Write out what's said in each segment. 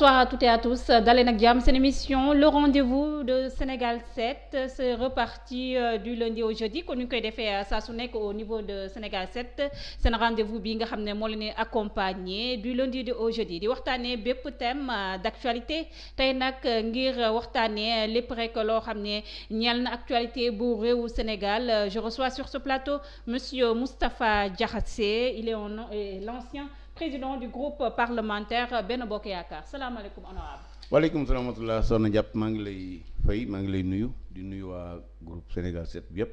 bonsoir à toutes et à tous dalee nag jàmm seen émission le rendez de Sénégal 7 c'est reparti euh, du lundi au jeudi kon ñu koy defee euh, sa su nekk au niveau de Sénégal 7 seen rendez-vous bi nga xam ne moo leen accompagné du lundi au jeudi di waxtaanee bépp thème euh, d'actualité tey nag ngir waxtaanee lépp rek loo xam ne ñeel na actualité bu réewu Sénégal je reçois sur ce plateau monsieur Moustapha Diakhaté il est l'ancien président du groupe parlementaire Benno Bokk Yaakaar salaamaaleykum honorable waaleykum salaam wa rahmatulah soxna Diop maa ngi lay fay maa ngi lay nuyu di nuyu waa groupe Sénégal 7 bi yëpp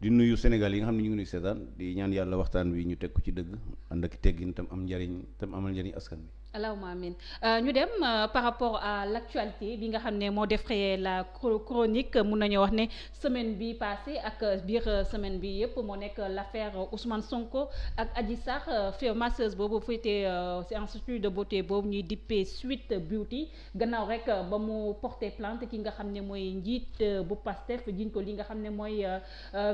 di nuyu Sénégal yi nga xam ne ñu ngi nuyu seetaan di ñaan yàlla waxtaan wi ñu teg ko ci dëgg ànd ak teggin tam am njariñ tam amal njariñ askan bi allahumma amin euh, ñu dem euh, par rapport à l' bi nga xam ne moo défrayé la chronique mun nañoo wax ne semaine bi passée ak biir euh, semaine bi yëpp moo nekk l' affaire Ousmane Sonko ak Adji sax fi masseuse boobu féetee ci institut de beauté boobu ñuy dippee Sweet Beauty gannaaw rek ba mu porté plainte ki nga xam ne mooy njiit bu Pastef jiñ ko li nga xam ne mooy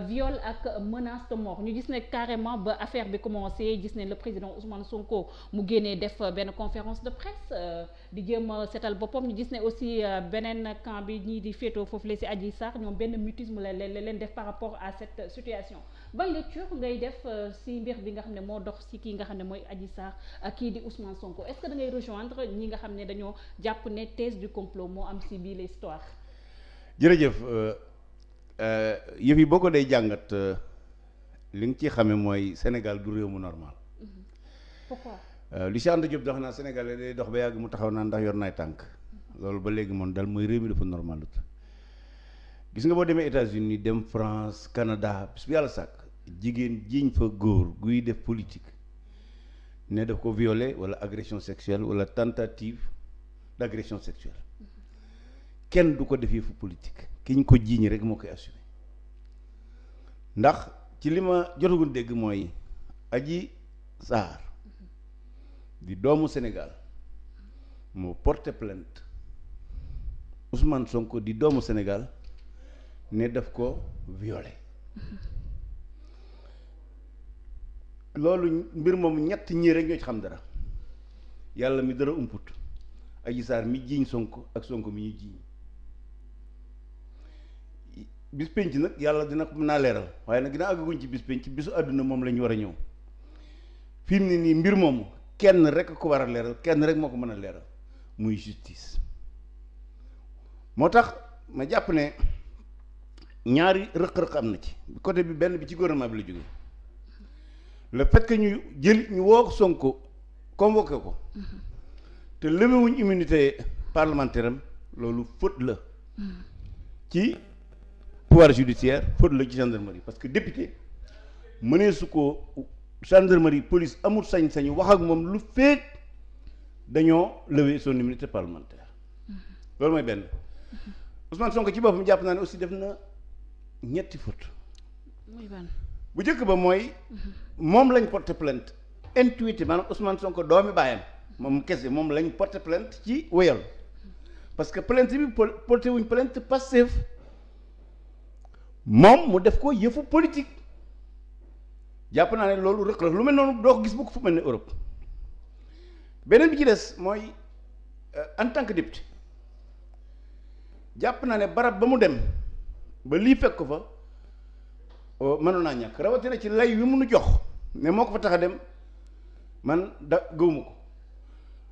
viol ak menace de mort ñu gis ne carrément ba affaire bi commencé gis ne le président conférence de presse euh, di jéem a seetal boppam ñu gis ne aussi euh, beneen camp bi ñii di féetoo foofu la si aji Sarr ñoom benn mutisme la leen def par rapport à cette situation ban lecture ngay def si euh, mbir bi nga xam ne moo dox si kii nga xam ne mooy aji Sarr ak kii di Ousmane Sonko est-ce que da ngay rejoindre ñi nga xam ne dañoo jàpp ne thèse du complot moo am si bii l'histoire jërëjëf yëf yi boo ko dee jàngat li nga ci xame mooy Sénégal du réew mu normal mm-hmm. Euh, Lucien Anta Diop dox naa Sénégalais day dox ba yàgg mu taxaw naan ndax yor naay tànk loolu ba léegi moom dal mooy réew mi dafa normalut gis nga boo demee États-Unis dem France Canada bis bu yàlla sàkk jigéen jiñ fa góor guy def politik ne daf ko violer wala agression sexuelle wala tentative d'agression sexuelle kenn du ko defee fu politique ki ñu ko jiiñ rek moo koy assumé ndax ci li ma jotagul dégg mooy aji saar di doomu Sénégal moo porté plainte Ousmane Sonko di doomu Sénégal ne def ko violé loolu mbir moom ñett ñii rek xam dara yàlla mi dara umput Adji mi jiiñ Sonko ak sonk mi ñu jiiñ bis penc nag yàlla dina ko mun naa leeral waaye nag dina àggaguñ ci bis penc bisu àdduna moom la war a ñëw fi mu ne nii mbir moomu kenn rek ko war a leeral kenn rek moo ko mën a leeral muy justice moo tax ma jàpp ne ñaari rëq-rëq am na ci côté bi benn bi ci gouvernement bi la jógee le fait ñu jël ñu woo Sonko convoqué ko te lëmewuñ immunité parlementaire loolu faute la ci pouvoir judiciaire faute la ci gendarmerie parce que député mënee ko gendarmerie police amul sañ-sañu wax ak moom lu feek dañoo lever son immunité parlementaire mm-hmm. loolu mooy benn mm-hmm. Ousmane Sonko ci boppam jàpp naa ne aussi def na ñetti faute bu njëkk ba mooy mm-hmm. moom lañ porté plainte intuité maanaam Ousmane Sonko doomi bàyyam moom kese moom lañ porté plainte ci wéyal parce que plainte bi porté wuñ plainte passive moom mu def ko yëfu politique jàpp naa ne loolu rëq-rëq lu mel noonu doo ko gis bu ko fu mel ne Europe beneen bi ci des mooy euh, en tant que député jàpp naa ne barab ba mu dem ba lii fekk ko fa euh, mënoon naa ñàkk rawatina ci lay wi munu jox ne moo ko fa tax a dem man da gëwuma ko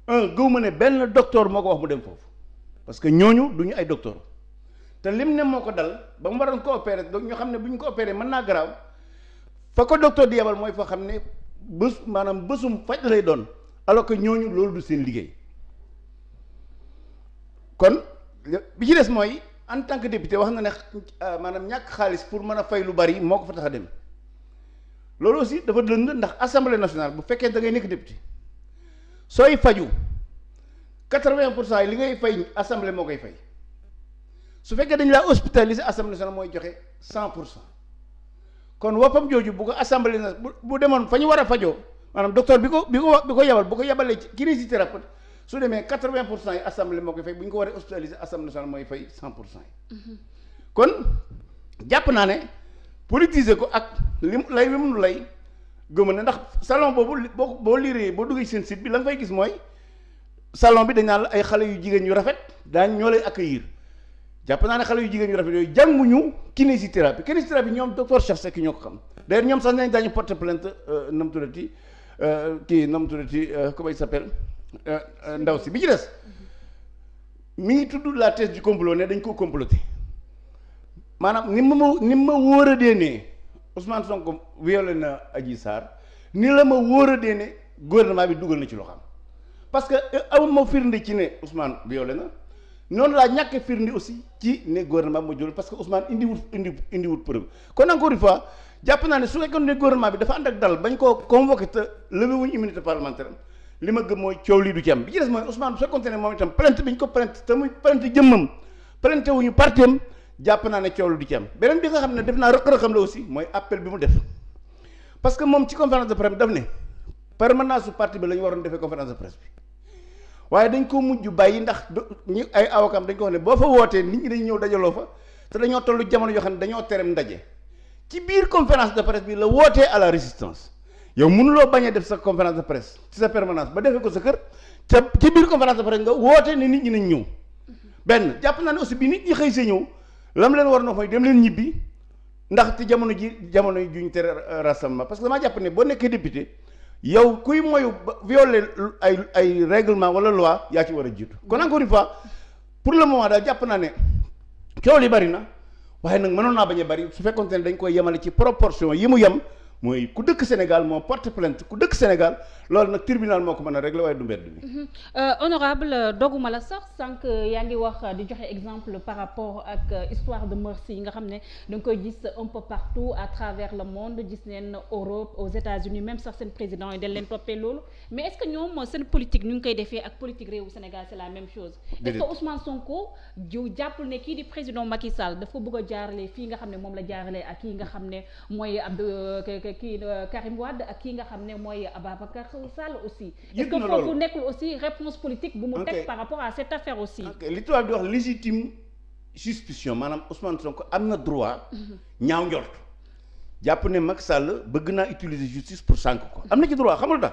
un gëwuma ne benn docteur moo ko wax mu dem foofu parce que ñooñu du ñu ay docteur te lim ne moo ko dal ba mu waroon ko opéré donc ñu xam ne bu ñu ko opéré mën naa garaaw fa ko docteur di yebal mooy foo xam ne bés maanaam bésum faj lay doon alors que ñooñu loolu du seen liggéey kon bi ci des mooy en tant que député wax na ne euh, maanaam ñàkk xaalis pour mën a fay lu bari moo ko fa tax a dem loolu aussi dafa lënd ndax assemblée nationale bu fekkee da ngay nekk député sooy faju quatre-vingt pour cent yi li ngay fay assemblée moo koy fay su fekkee dañ laa hospitaliser assemblée nationale mooy joxe cent pour cent kon wappam jooju bu ko assemblée na bu demoon fa ñu war a fajoo maanaam docteur bi ko bi ko bi ko yebal bu ko yebalee kinésithérapeute su demee quatre-vingt pour cent yi assemblée moo koy fay bu ñu ko war a hospitaliser assemblée nationale mooy fay cent pour cent yi mm-hmm. kon jàpp naa ne politiser ko ak li lay li mu lay gëma ne ndax salon boobu boo boo liiree boo duggee seen site bi la nga fay gis mooy salon bi dañ naan la ay xale yu jigéen yu rafet daañ ñoo lay accueillir jàpp naa ne xale yu jigéen yu rafet yooyu jànguñu kinésithérapie kinésithérapie ñoom docteur Cheikh Seck ñoo ko xam d'ailleurs ñoom sax nañ daañu porter plainte na mu tuddati kii na mu tuddati euh, comment il euh, euh, ndaw si bi ci des mi ngi tudd la thèse ji complot ne dañ koo comploté maanaam ni ma ma ni a dee ne Ousmane Sonko violé na Adji Sarr ni la ma wóor a dee ne gouvernement bi dugal na ci loo xam parce que ma firnde ci ne usmaan violé na noonu laa ñàkk firndi aussi ci ne gouvernement moo jël parce que indi wut indi indi jàpp naa ne su fekkoon ne gouvernement bi dafa ànd ak dal bañ koo convoqué te levé wuñu li ma gëm mooy coow lii du bi ci des mooy Ousmane bu fekkoon ne moom itam plainte bi ñu ko plainte te muy plainte jëmmam plainte naa ne coow lu du ci am bi nga xam ne def naa rëq-rëqam la aussi mooy appel bi mu def parce que moom ci conférence de presse daf ne permanence su parti bi la ñu waroon defee conférence de presse bi waaye dañ koo mujj bàyyi ndax ñu ay awakam dañ ko wax ne boo fa wootee nit ñi dañ ñëw dajaloo fa te dañoo tollu jamono yoo xam ne dañoo terem ndaje ci biir conférence de presse bi la wootee à la résistance yow mënuloo bañ a def sa conférence de presse ci sa permanence ba defee ko sa kër te ci biir conférence de presse nga wootee ne nit ñi nañ ñëw benn jàpp naa ne aussi bi nit ñi xëy sa ñëw lam leen war na mooy dem leen ñibbi ndax te jamono ji jamono juñ tere rassemblement parce que damaa jàpp ne boo nekkee député yow kuy moyu violer ay ay règlement wala loi yaa ci war a jiitu kon encore une fois pour le moment daal jàpp naa ne coow yi bari na waaye nag mënoon naa bañ a bari su fekkoon ne dañ koy yemale ci proportion yi mu yem mooy ku dëkk Sénégal moo porte plainte ku dëkk Sénégal loolu nag tribunal moo ko mën a régler waaye du mbedd bi mhm. euh, honorable euh, doguma la sax sànq euh, yaa ngi wax di joxe exemple par rapport ak histoire de merci yi nga xam ne da nga koy gis un peu partout à travers le monde gis neen Europe aux États-Unis même sax seen président yi dañ leen toppee loolu mais est-ce que ñoom seen politique ñu ngi koy defee ak politique réewu Sénégal c'est la même chose jiw jàppul ne kii di président Macky Sall dafa bëgg a jaarale fii nga xam ne moom la jaarale ak kii nga xam ne mooy kii Karim Wade ak kii nga xam ne mooy Ababacar Macky Sall aussi. est-ce que foofu nekkul aussi réponse politique bu di wax légitime suspicion maanaam Ousmane Sonko am na droit. Mhm. ñaaw njort. jàpp ne mag sàll bëgg naa utiliser justice pour sànq ko am na ci droit xamul tax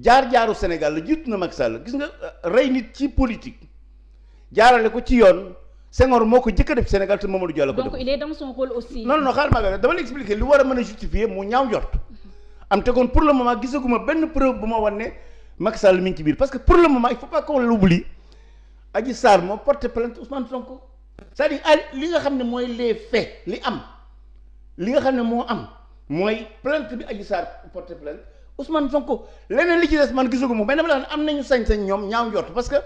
jaar-jaaru Sénégal la jiitu na Macky Sall gis nga euh, rey nit ci politique jaarale ko ci yoon Senghor moo ko jëkk a def Sénégal te Mamadou Dia la ko donc il est dans son rôle aussi. non non xaaral maa dama lay lu war a mën a justifier mu ñaaw njort. am te kon pour le moment gisaguma benn preuve bu ma wan ne Macky Sall mi ngi ci parce que pour le moment il faut pas qu'on l'oublie Adji Sarr moo porté plainte Ousmane Sonko c'est-à-dire ah, li nga xam ne mooy les faits li am li nga xam ne moo am mooy plainte bi Adji Sarr porté plainte Ousmane Sonko leneen li ci des man gisaguma mais dama la wax ne am nañu sañ-sañ ñoom ñaaw njort parce que.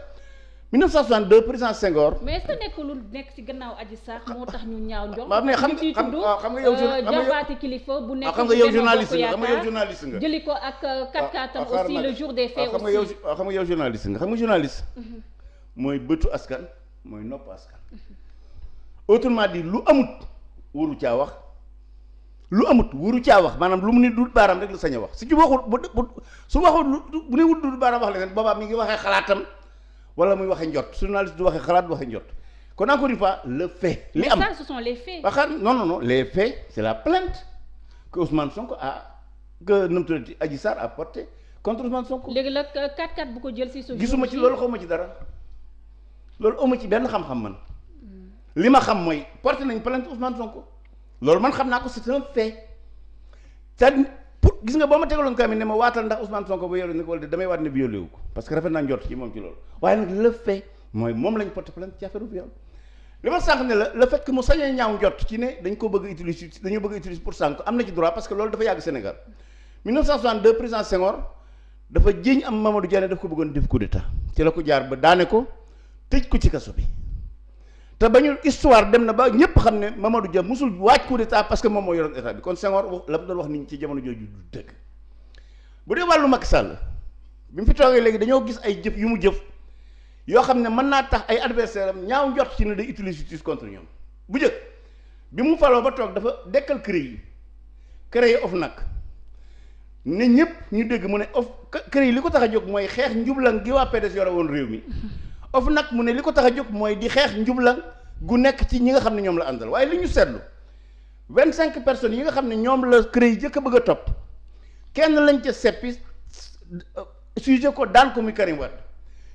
1962 président Senghor. mais est-ce que nekkul nekk ci gannaaw Adji Sarr moo tax ñu ñaaw njox. waaw mais xam nga xam nga yow jabaati kilifa bu nekk xam nga nga xam jëli ko ak 4 euh, tam aussi le jour des faits aussi. xam nga yow xam nga mhm. mooy bëtu askan mooy nopp askan. autrement lu amut waru caa wax lu amut waru caa wax maanaam lu mu ne dul baaraam rek la sañ a wax su ci waxul bu su waxul bu ne wul dul baaraam wax leneen boobaam mi ngi waxee xalaatam. wala muy waxee njot journaliste du waxee xalaat du waxee njot kon encore une fois le fait. li am a ce sont les faits. waxaat non non les faits est la plainte que Ousmane sonk a que nu mu tuddati Adji a porté contre Ousmane Sonko. léegi la 4-4 bu ko jël si. gisuma ci loolu xaw ma ci dara loolu amu ci benn xam-xam man li ma xam mooy porté nañ plainte Ousmane Sonko loolu man xam naa ko c' est un gis nga boo ma tegaloon kaamil ne ma waatal ndax Ousmane Sonko bu yore ni ko damay waat ne violé wu ko parce que rafet naa njort ci moom ci loolu waaye nag le fait mooy moom lañ porte plainte ci affaire viol li ma sànq ne la le fait que mu sañ a ñaaw njort ci ne dañ ko bëgg utiliser dañoo bëgg utiliser pour sànq am na ci droit parce que loolu dafa yàgg Sénégal 1962 président Senghor dafa jiiñ am Mamadou Diané daf ko bëggoon def coup d'état la ko jaar ba daane ko tëj ko ci kaso bi te bañu histoire dem na ba ñëpp xam ne Mamadou Dia musul waaj coup d'état parce que moom moo yoroon état bi kon Senghor la mu doon wax nit ñi ci bu dee wàllu Macky Sall bi fi toogee léegi dañoo gis ay jëf yu mu jëf yoo xam ne mën naa tax ay adversaire am ñaaw njort ci ne day utiliser justice contre ñoom bu njëkk bi mu faloo ba toog dafa dekkal CREI yi yi CREI nag ne ñëpp ñu dégg mu ne of CREI li ko tax a jóg mooy xeex njublan gi waa PDS yore woon réew mi of nag mu ne li ko tax a jóg mooy di xeex njubla gu nekk ci ñi nga xam ne ñoom la àndal waaye li ñu seetlu vingt cinq personnes yi nga xam ne ñoom la CREI jëkk bëgg a topp kenn lañ ca seppi sujet ko daan ko muy Karim Wade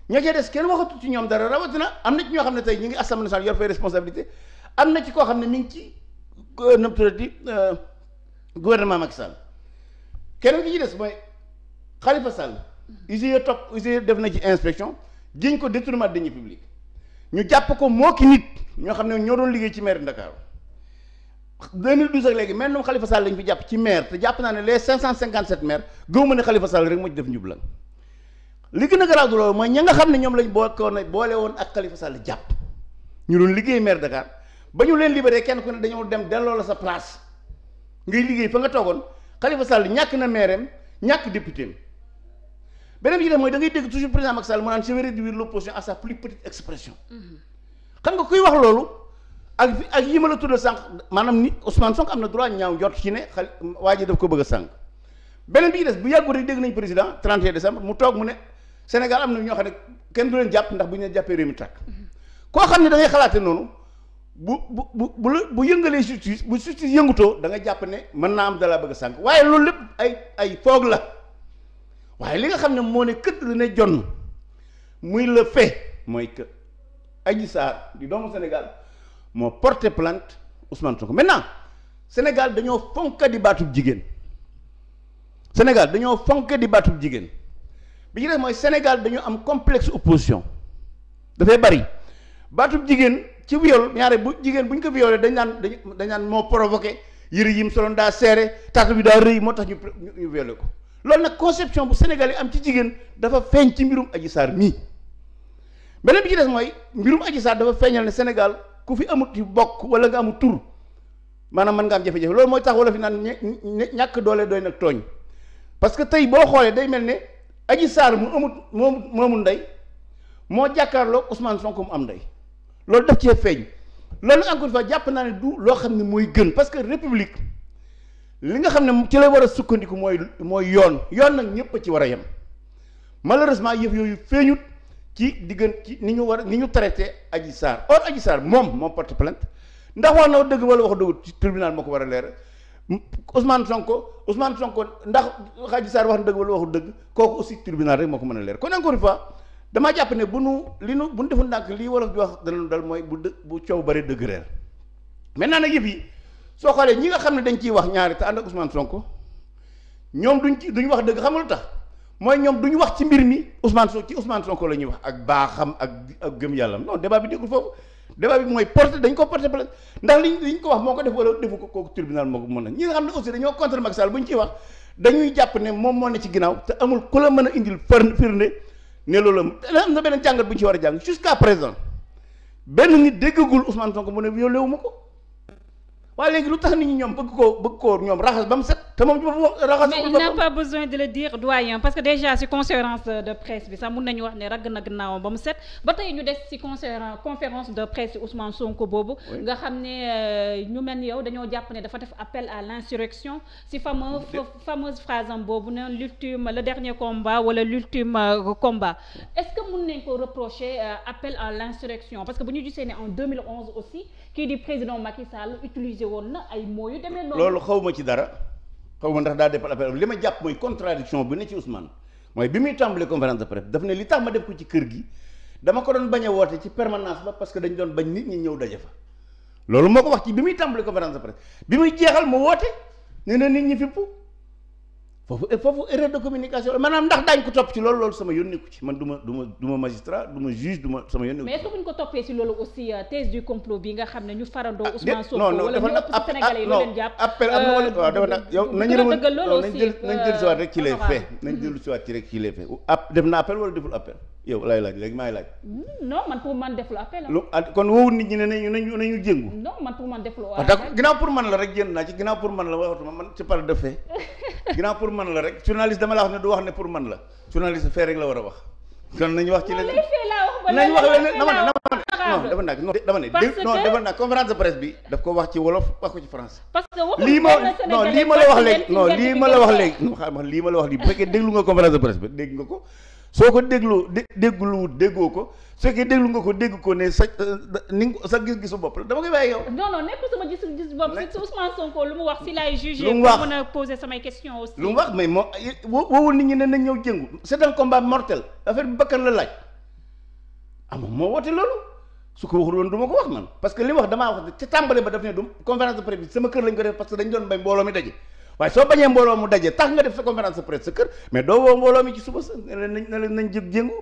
ñoo ca des kenn waxatu ci ñoom dara rawatina am na ci ñoo xam ne tey ñu ngi assemblée nationale yor fay responsabilité am na ci koo xam ne mi ngi ci euh, nam tuddati euh, gouvernement Macky Sall keneen ki ci des mooy Khalifa Sall UGF mm-hmm. topp def na ci inspection jëñ ko détournement de deniers publics ñu jàpp ko moo ki nit ñoo xam ne ñoo doon liggéey ci maire Dakar 2012 ak léegi mel na Khalifa Sall lañ fi jàpp ci maire te jàpp naa ne les 557 maires gëw ma ne Khalifa Sall rek moo ci def njublan li gën a garaaw loolu mooy ña nga xam ne ñoom lañ bokkoon boole woon ak Khalifa Sall jàpp ñu doon liggéey maire Dakar ba ñu leen libéré kenn ku ne dañoo dem delloo la sa place ngay liggéey fa nga toogoon Khalifa Sall ñàkk na am ñàkk député am beneen bi ci def mooy da ngay dégg toujours président Macky Sall mu naan je vais réduire l' opposition à sa plus petite expression. xam nga kuy wax loolu ak ak yi ma la tuddal sànq maanaam ni Ousmane Sonko am na droit ñaaw jot ci ne xal waa ji daf ko bëgg a sànq beneen bi ci des bu yàggul rek dégg nañ président 31 décembre mu toog mu ne Sénégal am na ñoo xam ne kenn du leen jàpp ndax bu ñu leen jàppee réew mi tàkk. koo xam ne da xalaate noonu bu bu bu bu bu yëngalee justice bu justice yëngutoo da nga jàpp ne mën naa am dalaa bëgg sànq waaye loolu lépp ay ay foog la. waaye li nga xam ne moo ne kër këtt ne jonn muy la fait mooy que Adji Sarr di doomu Sénégal moo porté plainte Ousmane Sonko maintenant Sénégal dañoo fonk di baatub jigéen Sénégal dañoo fonk di baatub jigéen bi ñu mooy Sénégal dañu am complexe opposition dafay bari baatub jigéen ci viol ñaare bu jigéen bu ñu ko violé dañ naan dañ dañ naan moo provoqué yëre yim solon daa seere taatu bi daa rëy moo tax ñu ñu ko loolu nag conception bu Sénégal yi am ci jigéen dafa feeñ ci mbirum Adji Sarr mii beneen bi ci des mooy mbirum Adji Sarr dafa feeñal ne Sénégal ku fi amut yu bokk wala nga amut tur maanaam mën nga am jafe-jafe loolu mooy tax fi naan ñàkk doole doy nag tooñ parce que tey boo xoolee day mel ne Adji Sarr mu amut moom moomul ndey moo jàkkaarloo Ousmane Sonko mu am ndey loolu daf feeñ loolu encore une jàpp naa ne du loo xam ne mooy gën parce que république li nga xam ne ci la war a sukkandiku mooy mooy yoon yoon nag ñëpp a ci war a yem malheureusement yëpp yooyu feeñut ci diggant ci ni ñu war ni ñu traité Adji Sarr or Adji Sarr moom moo porte plainte ndax wax na dëgg wala wax dëgg ci tribunal moo ko war a leeral Ousmane Sonko Ousmane Sonko ndax Adji Sarr wax na dëgg wala waxu dëgg kooku aussi tribunal rek moo ko mën a leer kon na une fois dama jàpp ne bu nu li nu bu nu defoon ndànk lii wolof di wax danañu dal mooy bu dë bu coow bare dëgg reer maintenant nag yëf yi. soo xoolee ñi nga xam ne dañ ciy wax ñaari te ànd ak Ousmane Sonko ñoom duñ ci wax dëgg xam lu tax mooy ñoom duñ wax ci mbir mi Ousmane Sonko ci Ousmane Sonko la ñuy wax ak baaxam ak ak gëm yàlla non débat bi déggul foofu débat bi mooy porté dañ ko porté plainte ndax liñ liñ ko wax moo ko def wala defu ko kooku tribunal moo ko mën na ñi nga xam ne aussi dañoo contre Macky Sall bu ñu wax dañuy jàpp ne moom moo ne ci ginnaaw te amul ku la mën a indil firnde ne loolu am na beneen jàngat bu ci war a jàng jusqu'à présent benn nit déggagul Ousmane Sonko mu ne yolleewu ma ko waaye léegi lu tax nit ñi ñoom bëgg koo bëgg koo ñoom raxas ba mu set te moom raxas mais il n'a pas besoin de dire doyen parce que déjà ci conférence de presse bi sax mun nañu wax ne ragg na gannaawam ba mu set ba tey ñu des ci conférence de presse Ousmane Sonko boobu nga xam ne euh, ñu mel ni yow dañoo jàpp ne dafa def appel à l'insurrection ci fameux fameuse phrase am boobu ne l'ultime le dernier combat wala l'ultime euh, combat est-ce que mun nañ ko reprocher euh, appel à l'insurrection parce que bu ñu gisee ne en aussi kii di président Macky Sall utilisé woon na ay mots yu demee loolu xaw ma ci dara xaw ma ndax daa defal appel li ma jàpp mooy contradiction bi ne ci Ousmane mooy bi muy tàmbalee conférence de presse daf ne li tax ma def ko ci kër gi dama ko doon bañ a woote ci permanence ba parce que dañ doon bañ nit ñi ñëw daje fa. loolu moo ko wax ci bi muy tàmbalee conférence de presse bi muy jeexal ma woote nee na nit ñi fippu foofu foofu erreur de communication la maanaam ndax daañ ko topp ci loolu loolu sama yónneeku ci man du ma du ma du ma magistrat du juge du sama yónneeku mais est-ce ñu ko toppee ci loolu aussi euh, thèse du complot bi nga xam ne ñu farandoo ah, Ousmane Sonko wala ñu ëpp ci Sénégalais ah, ah, euh, nañ jël nañ jël euh, rek ci les faits nañ jël siwaat ci rek ci les faits def na appel wala deful appel yow lay laaj léegi maay laaj. Mm, lu appel kon wowut nit ñi ne nañu nañu nañu jéngu. non ah, la rek jéem naa ci ginnaaw pour man la waxatuma man ci par de fait ginnaaw pour wax ne du wax ne pour man la journaliste fee rek la war a wax. kon nañu wax ci la nañu wax leneen dama ne non dafa ne dafa nag conférence de presse bi daf ko wax ci wolof wax ko ci français lii ma lii ma la wax léegi non lii ma la wax léegi lii ma la wax lii bu fekkee déglu nga conférence de presse bi dégg nga ko soo ko déglu dégluwut déggoo ko su fekkee déglu nga ko dégg ko ne sa euh, ni sa gis-gisu bopp la dama koy bàyyi yow. non non nekkul sama gis-gisu bopp. nekk si Ousmane Sonko lu mu wax fi laay jugé. lu mu wax mën a poser samay questions lu mu wax mais moo woowul nit ñi ne nañ ñëw jëngu c'est un combat mortel affaire bi bakkan la laaj ah moom moo woote loolu su ko waxul woon du ma ko wax man parce li wax damaa wax ci tàmbali ba daf ne du conférence de presse sama kër lañ ko def parce dañ doon bay mbooloo waaye soo bañee mbooloo mu daje tax nga def sa conférence de presse sa kër mais doo woo mbooloo mi ci suba sa nañ nañ nañ jëg jéngu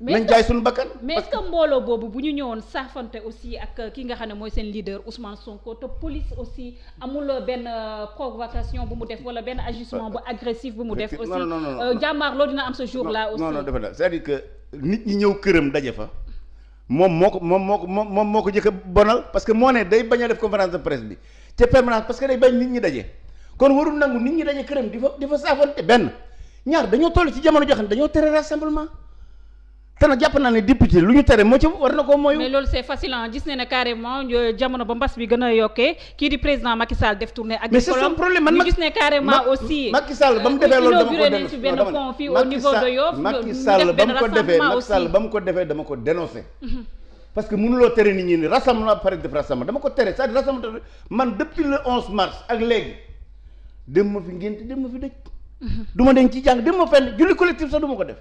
nañ jaay suñu bakkan mais est-ce que mbooloo boobu bu ñu ñëwoon saafante aussi ak ki nga xam ne mooy seen leader Ousmane Sonko te police aussi amul benn euh, provocation bu mu def wala benn agissement bu agressif bu mu def aussi euh, jàmmaar loolu dina am ce jour là aussi non non dafa c'est-à-dire que nit ñi ñëw këram daje fa moom moo ko moom moo ko moom moo ko jëkk a bonal parce que moo ne day bañ a def conférence de presse bi te permanence parce que day bañ nit ñi daje kon warul nangu nit ñi daje këram di fa di fa saafante benn ñaar dañoo toll ci jamono joo xam ne dañoo tere rassemblement te nag jàpp naa ne député lu ñu tere moo ci war na ko mooy. mais loolu c'est facile ah gis nañ ne carrément euh, jamono a ko dénoncé benn pont fii au niveau de Yoff. Mhm. mars ak léegi dem ma fi ngénte dem ma fi julli collectif sax du ko def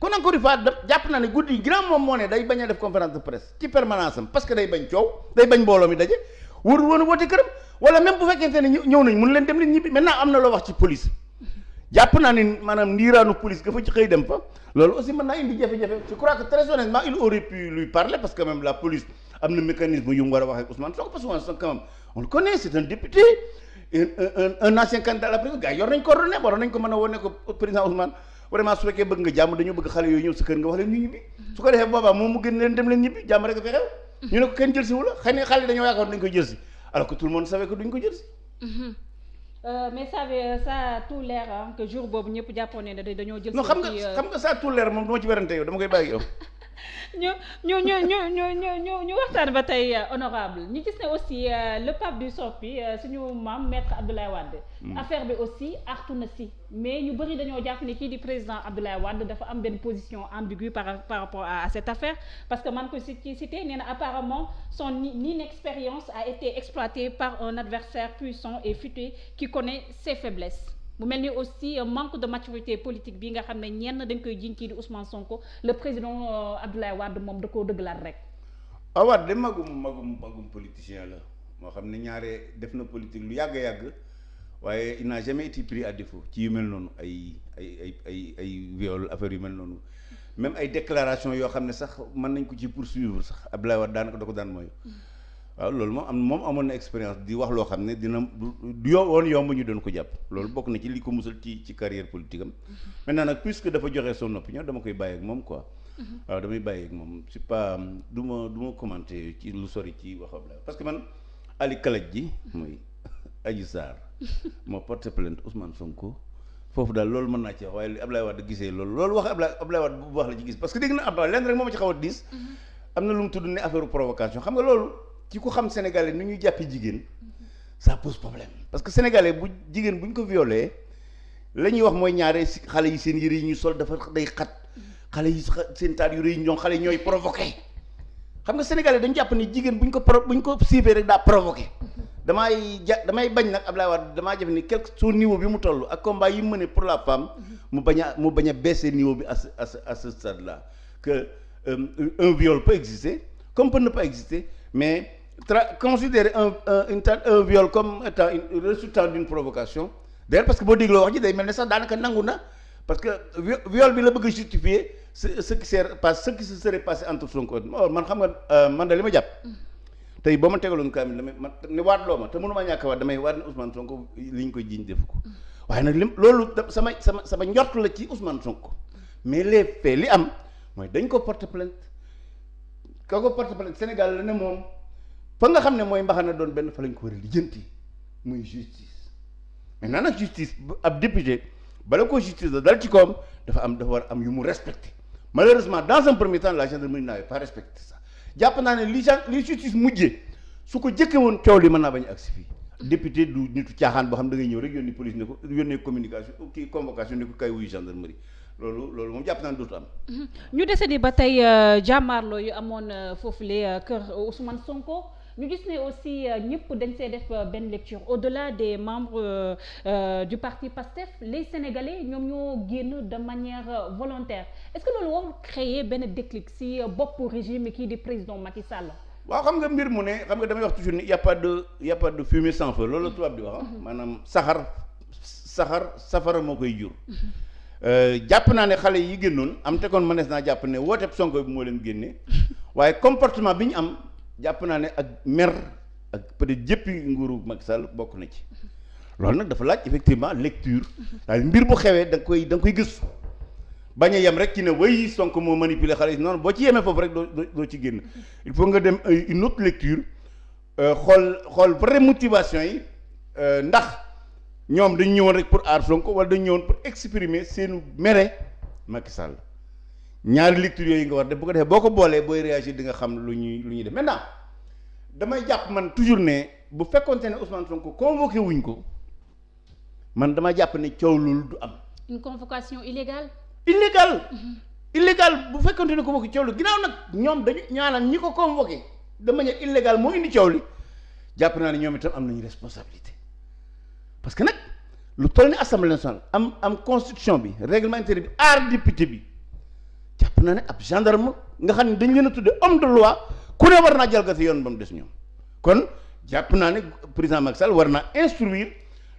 kon encore une fois jàpp naa ne guddi yi grand moom moo ne day bañ a def conférence de presse ci permanence am parce que day bañ coow day bañ mbooloo mi daje wër woon woote këram wala même bu fekkente ne ñëw nañ mun leen dem leen ñibbi maintenant am na loo wax ci police jàpp naa ne maanaam ndiiraanu police ga ci xëy dem fa loolu aussi mën naa indi jafe-jafe je crois que il aurait pu a wax un un ancien candidat à la présidence gars yor nañ ko ordonné waroon nañ ko mën a wane ko président Ousmane vraiment su fekkee bëgg nga jàmm dañu bëgg xale yooyu ñëw sa kër nga wax leen ñu ñibbi su ko defee boobaa moom mu gën leen dem leen ñibbi jàmm rek fi ñu ne ko kenn jël la xam nga euh, xam nga ça tout l'air moom du ci werante yow dama koy bàyyi yow. ñu ñu ñu ñu ñu ñu ñu ñu waxtaan ba tey euh, honorable ñu gis ne aussi euh, le pape du soppi euh, suñu maam maître Abdoulaye Wade mm. affaire bi aussi artu na si mais ñu bëri dañoo jàpp ne kii di président Abdoulaye Wade dafa am benn position ambiguë par par rapport à cette affaire parce que man ko si ci cité nee na apparemment son inexpérience a été exploitée par un adversaire puissant et futé qui connaît ses faiblesses mu mel ni aussi euh, manque de maturité politique bi nga xam ne ñenn dañ koy jiñ kii di Ousmane Sonko le président euh, Abdoulaye Wade moom da koo dëgglaat rek. Ah, Wade de magum magum magum politicien la moo xam ne ñaare def na politique lu yàgg yàgg waaye il n'a jamais été pris à défaut ci yu mel noonu ay ay ay ay ay viol affaire yu mel noonu même ay déclaration yoo xam ne sax mën nañ ko ci poursuivre sax Abdoulaye Wade daanaka da ko daan mooy. waaw loolu moom am moom amoon na expérience di wax loo xam ne dina du yo woon yomb ñu doon ko jàpp loolu bokk na ci li ko musal ci ci carrière politique am maintenant nag puisque dafa joxe son opinion dama koy bàyyi ak moom quoi waaw damay bàyyi ak moom c'est pas du ma du ma commenter ci lu sori ci waxam la parce que man Ali Kalaj ji mooy Adji Sarr moo porte plainte Ousmane Sonko foofu daal loolu mën naa ci wax waaye li Ablaye Wade gisee loolu loolu wax Ablaye Ablaye Wade bu wax la ci gis parce que dégg na Ablaye lenn moo ma ci mm-hmm. na lu mu tudd ne affaire provocation xam nga loolu ci ko xam sénégalais ni ñuy jàppee jigéen ça pose problème parce que sénégalais bu jigéen bu ñu ko violee la ñuy wax mooy ñaaree si xale yi seen yére yi ñu sol dafa day xat xale yi seen taat yu rëy ñoom xale ñooy provoqué xam nga sénégalais dañu jàpp ni jigéen bu ñu ko pro bu ñu ko siifee rek daa provoqué damay ja damay bañ nag Abdoulaye Wade damaa jëf ni quelque son niveau bi mu toll ak combat yi mu mëne pour la femme mu bañ a mu bañ a baisser niveau bi à à ce à ce euh, un viol peut exister comme peut mais tra considérer un un une un viol comme étant une résultat d'une provocation d'ailleurs parce que boo dégloo wax ji day mel ni sax daanaka nangu na parce que viol bi la bëgg a justifier ce ce qui s'est passé ce qui se serait passé entre Sonko or man xam nga euh, man da li ma jàpp tey boo ma tegaloon kaamil damay man ne waat loo ma te mënuma ñàkk a waat damay waat ne Ousmane Sonko koy jiiñ defu ko waaye nag lim loolu sama sama sama njort la ci Ousmane Sonko mais les faits li am mooy dañ ko porte plainte ka ko porte plainte Sénégal la ne moom fa nga xam ne mooy mbaxana doon benn fa lañ ko war a lijjanti muy justice maintenant nag justice ab député bala ko justice da dal ci koom dafa am dafa war am yu mu respecté malheureusement dans un premier temps la gendarmerie n'avait pas respecté ça jàpp naa ne li gen li justice mujjee su ko jëkkee woon coow li mën naa bañ agsi fii député du nitu caaxaan boo xam da ngay ñëw rek yónni police ne ko yónnee communication euh, kii convocation ne ko kay wuyu gendarmerie loolu loolu moom jàpp naa ne dootu am. Mhm. ñu dese ni ba tey euh, jàmmaarloo yu amoon euh, foofule ñu gis ne aussi euh, ñëpp dañ see def euh, benn lecture au-delà des membres euh, du parti PASTEF les sénégalais ñoom ñoo génn de manière volontaire est-ce que loolu warul créer benn déclic si bopp régime kii di président Macky Sall. waaw xam nga mbir mu ne xam nga damay wax toujours ni y a pas de y de fumée sans feu loolu la di wax ah. mm-hmm. maanaam saxar saxar safara moo koy jur jàpp naa ne xale yi génnoon am te kon mënees naa jàpp ne wooteeb Sonko bi moo leen génne jàpp naa ne ak mer ak peut-être jëppi nguuru Macky Sall bokk na ci loolu nag dafa laaj effectivement lecture daal mbir bu xewee danga koy da nga koy gëstu bañ a yem rek ci ne way Sonko moo manipuler xale yi noonu boo ci yemee foofu rek doo doo ci génn il faut nga dem une autre lecture euh, xool xool vraie motivation yi euh, ndax ñoom dañu ñëwoon rek pour aar Sonko wala dañu ñëwoon pour exprimer seenu mere Macky Sall ñaari lecture yooyu nga war def bu ko defee boo ko boolee booy réagir di nga xam lu ñuy lu ñuy def maintenant damay jàpp man toujours ne bu fekkoonte ne Ousmane ko convoqué wuñ ko man dama jàpp ne coow lu du am. une convocation illégale. illégale. Mm-hmm. illégale bu fekkoonte ne convoqué coow li ginnaaw nag ñoom dañu ñaanal ñi ko convoqué dama manière illégale moo indi coow li jàpp naa ne ñoom itam am nañu responsabilité parce que nag lu toll ni assemblée nationale am am constitution bi règlement intérieur bi aar bi. jàpp na ne ab gendarme nga xam ne dañ leen a tudde homme de loi ku ne war naa jalgati yoon ba mu des ñoom kon jàpp naa ne président Macky Sall war naa instruire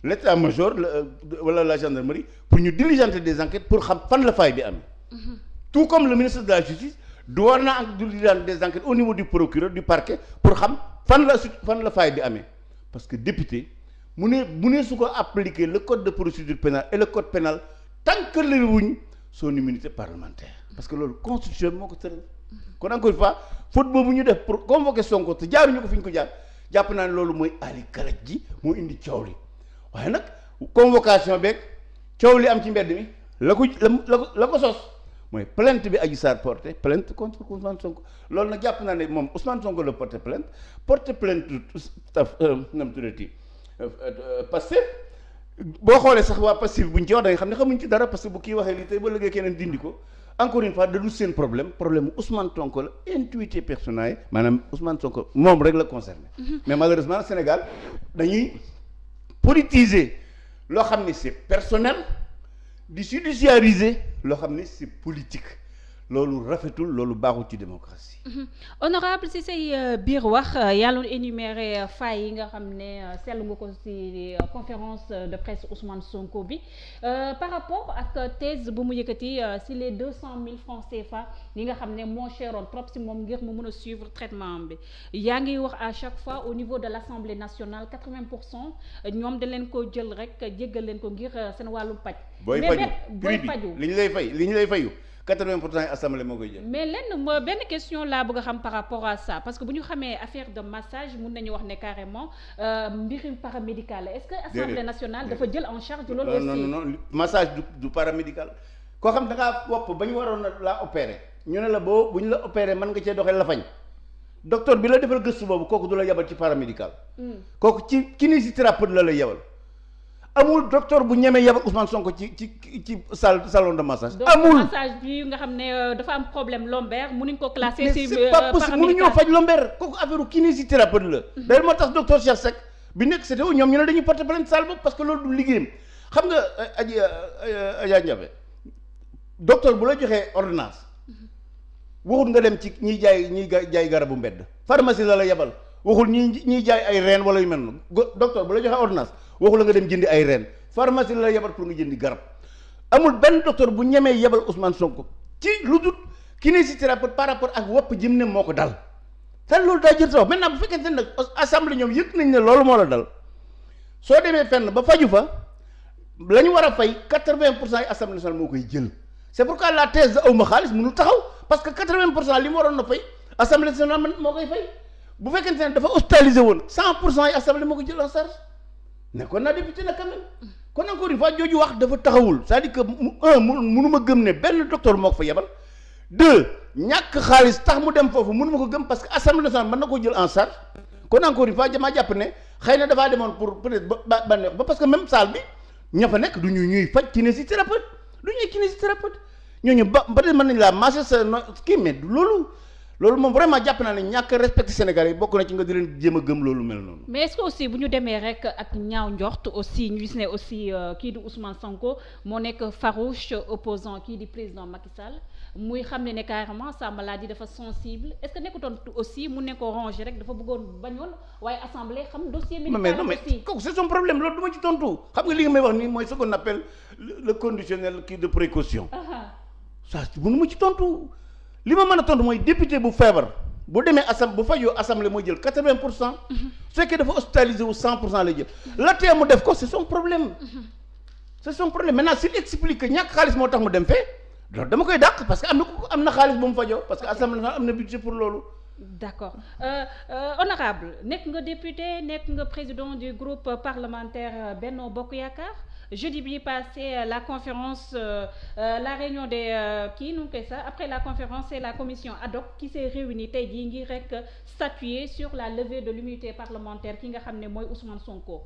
l' état major euh, wala la gendarmerie pour ñu diligenter des enquêtes pour xam fan la faay bi amee. Mm-hmm. tout comme le ministre de la justice du war naa diligenter des enquêtes au niveau du procureur du parquet pour xam fan la su la faay bi amee parce que député mu ne mu ne su ko appliquer le code de procédure pénale et le code pénal tant que le wuñ son immunité parlementaire. parce que loolu constitution bi moo ko tëral kon encore une fois faute boobu ñu def pour convoquer Sonko te jaaruñu ko fi ñu ko jaar jàpp naa ne loolu mooy ali kalaj ji moo indi coow li waaye nag convocation beeg coow li am ci mbedd mi la ko la ko la ko sos mooy plainte bi Adji Sarr porté plainte contre Ousmane Sonko loolu nag jàpp naa ne moom Ousmane Sonko la porté plainte porté plainte taf euh, nam tuddati euh, Pastef boo xoolee sax waa Pastef parce que bu kii waxee lii keneen dindi ko encore une fois da dul seen problème problème mu Ousmane Sonko la intuité personnel yi maanaam Ousmane Sonko moom rek la concerné. Mhm. mais malheureusement Sénégal dañuy politiser loo xam ne c'est personnel di judiciariser loo xam ne c'est politique. loolu rafetul loolu baaxul ci démocratie. Mhm. honorable si say euh, biir wax euh, yaa ngi énuméré euh, failles yi nga xam ne seetlu nga ko si conférence de presse Ousmane Sonko bi par rapport ak thèse bu mu yëkkati si les deux cent mille francs CFA yi nga xam ne moo cheroon trop si moom ngir mu mën a suivre traitement bi yaa ngi wax à chaque fois au niveau de l' assemblée nationale quatre vingt pour cent ñoom dañ leen ko jël rek jéggal leen ko ngir seen wàllu paj. booy faju prix bi li ñu lay fay li ñu lay fayu. 80 pour cent yi assemblée moo koy jël. mais lenn benn question laa bëgg a xam par rapport à ça parce que bu ñu xamee affaire de massage mun nañu wax ne carrément euh, mbirum paramédical la est-ce que. assemblée nationale dafa jël en charge. loolu aussi massage du paramédical. koo xam da wopp ba ñu waroon a laa opérer ñu ne la boo bu ñu la opérer mën nga cee doxee la fañ docteur bi la defal gëstu boobu kooku du la yebal ci paramédical. Hmm. kooku ci kinésithérapeute la lay yebal. amul docteur bu ñemee yabal Ousmane Sonko ci ci ci salon de massage. amul massage bi nga xam ne euh, dafa am problème lombaire mënuñ ko classé. ci c'est euh, pas possible mënuñoo faj lombaire kooku affaire kinésithérapeute la. Mhm. day moo tax docteur Cheikh Seck bi nekk CTO ñoom ñu ne dañuy porter plainte salle parce que loolu du liggéeyam xam nga aji euh, Adja Ndiaye docteur bu la joxee ordonnance mhm. waxul nga dem ci ñiy jaay ñiy jaay garabu mbedd pharmacie la la yebal waxul ñi ñiy jaay ay reen wala yu mel noonu docteur bu la joxee ordonnance. waxu la nga dem jëndi ay reen pharmacie la yebal pour nga jëndi garab amul benn docteur bu ñemee yebal Ousmane Sonko ci lu ki dul kinésithérapeute par rapport ak wopp jëm ne moo ko dal te loolu daa jër sa wax maintenant bu fekkente ne nag assemblée ñoom yëg nañ ne loolu moo la dal soo demee fenn ba faju fa la war a fay quatre-vingts pour cent yi assemblée nationale moo koy jël c'est pourquoi la thèse de awma xaalis mënul taxaw parce que quatre pour cent na fay moo koy fay bu fekkente ne woon cent pour cent yi assemblée moo koy jël nekkoon naa député la quand même kon encore une fois jooju wax dafa taxawul c'est-à-dire que un mënuma gëm ne benn docteur moo ko fa yebal deux ñàkk xaalis tax mu dem foofu mënuma ko gëm parce que assemblée nationale mën na ko jël en charge kon encore une fois damaa jàpp ne xëy na dafaa demoon pour peut-être ba ba ba parce que même salle bi ña fa nekk du ñuy ñuy faj kinésithérapeute du ñuy kinésithérapeute ñooñu ba peut-être mën nañ laa massé sa kii mais loolu. loolu moom vraiment jàpp naa ne ñàkk respecté Sénégalais yi bokk na ci nga di leen jéem a gëm loolu mel noonu. mais est-ce que aussi bu ñu demee rek ak ñaaw njort aussi ñu gis ne aussi euh, kii di Ousmane Sonko moo nekk farouche opposant kii di président Macky Sall muy xam ne ne carrément sa maladie dafa sensible est-ce que nekkutoon aussi mu ne ko rangé rek dafa bëggoon bañoon waaye assemblée xam dossier. médical aussi kooku c'est son problème loolu duma ci tontu xam nga li nga may wax mooy ce qu'on appelle le conditionnel kii de précaution. Ah ah. ça mënu ma ci li ma mën a tontu mooy député bu feebar bu demee asam bu fajoo assemblée mooy jël quatre vingt pour cent. Mhm. su fekkee dafa hospitalisé wu cent pour cent lay jël. la tee def ko c' son problème. Mhm. c' son problème maintenant s' il explique que ñàkk xaalis moo tax mu dem fee loolu dama koy dàq parce que am na ku am na xaalis bu mu fajoo parce que assemblée am na budget pour loolu. d' accord euh, euh, honorable nekk nga député nekk nga président du groupe parlementaire euh, Benno Bokk Yaakaar. jeudi bi passé euh, la conférence euh, euh, la réunion des kii nu koy sax après la conférence c'est la commission ad hoc qui s'est réunie tey jii ngir rek statuer sur la levée de l'immunité parlementaire ki nga xam ne mooy Ousmane Sonko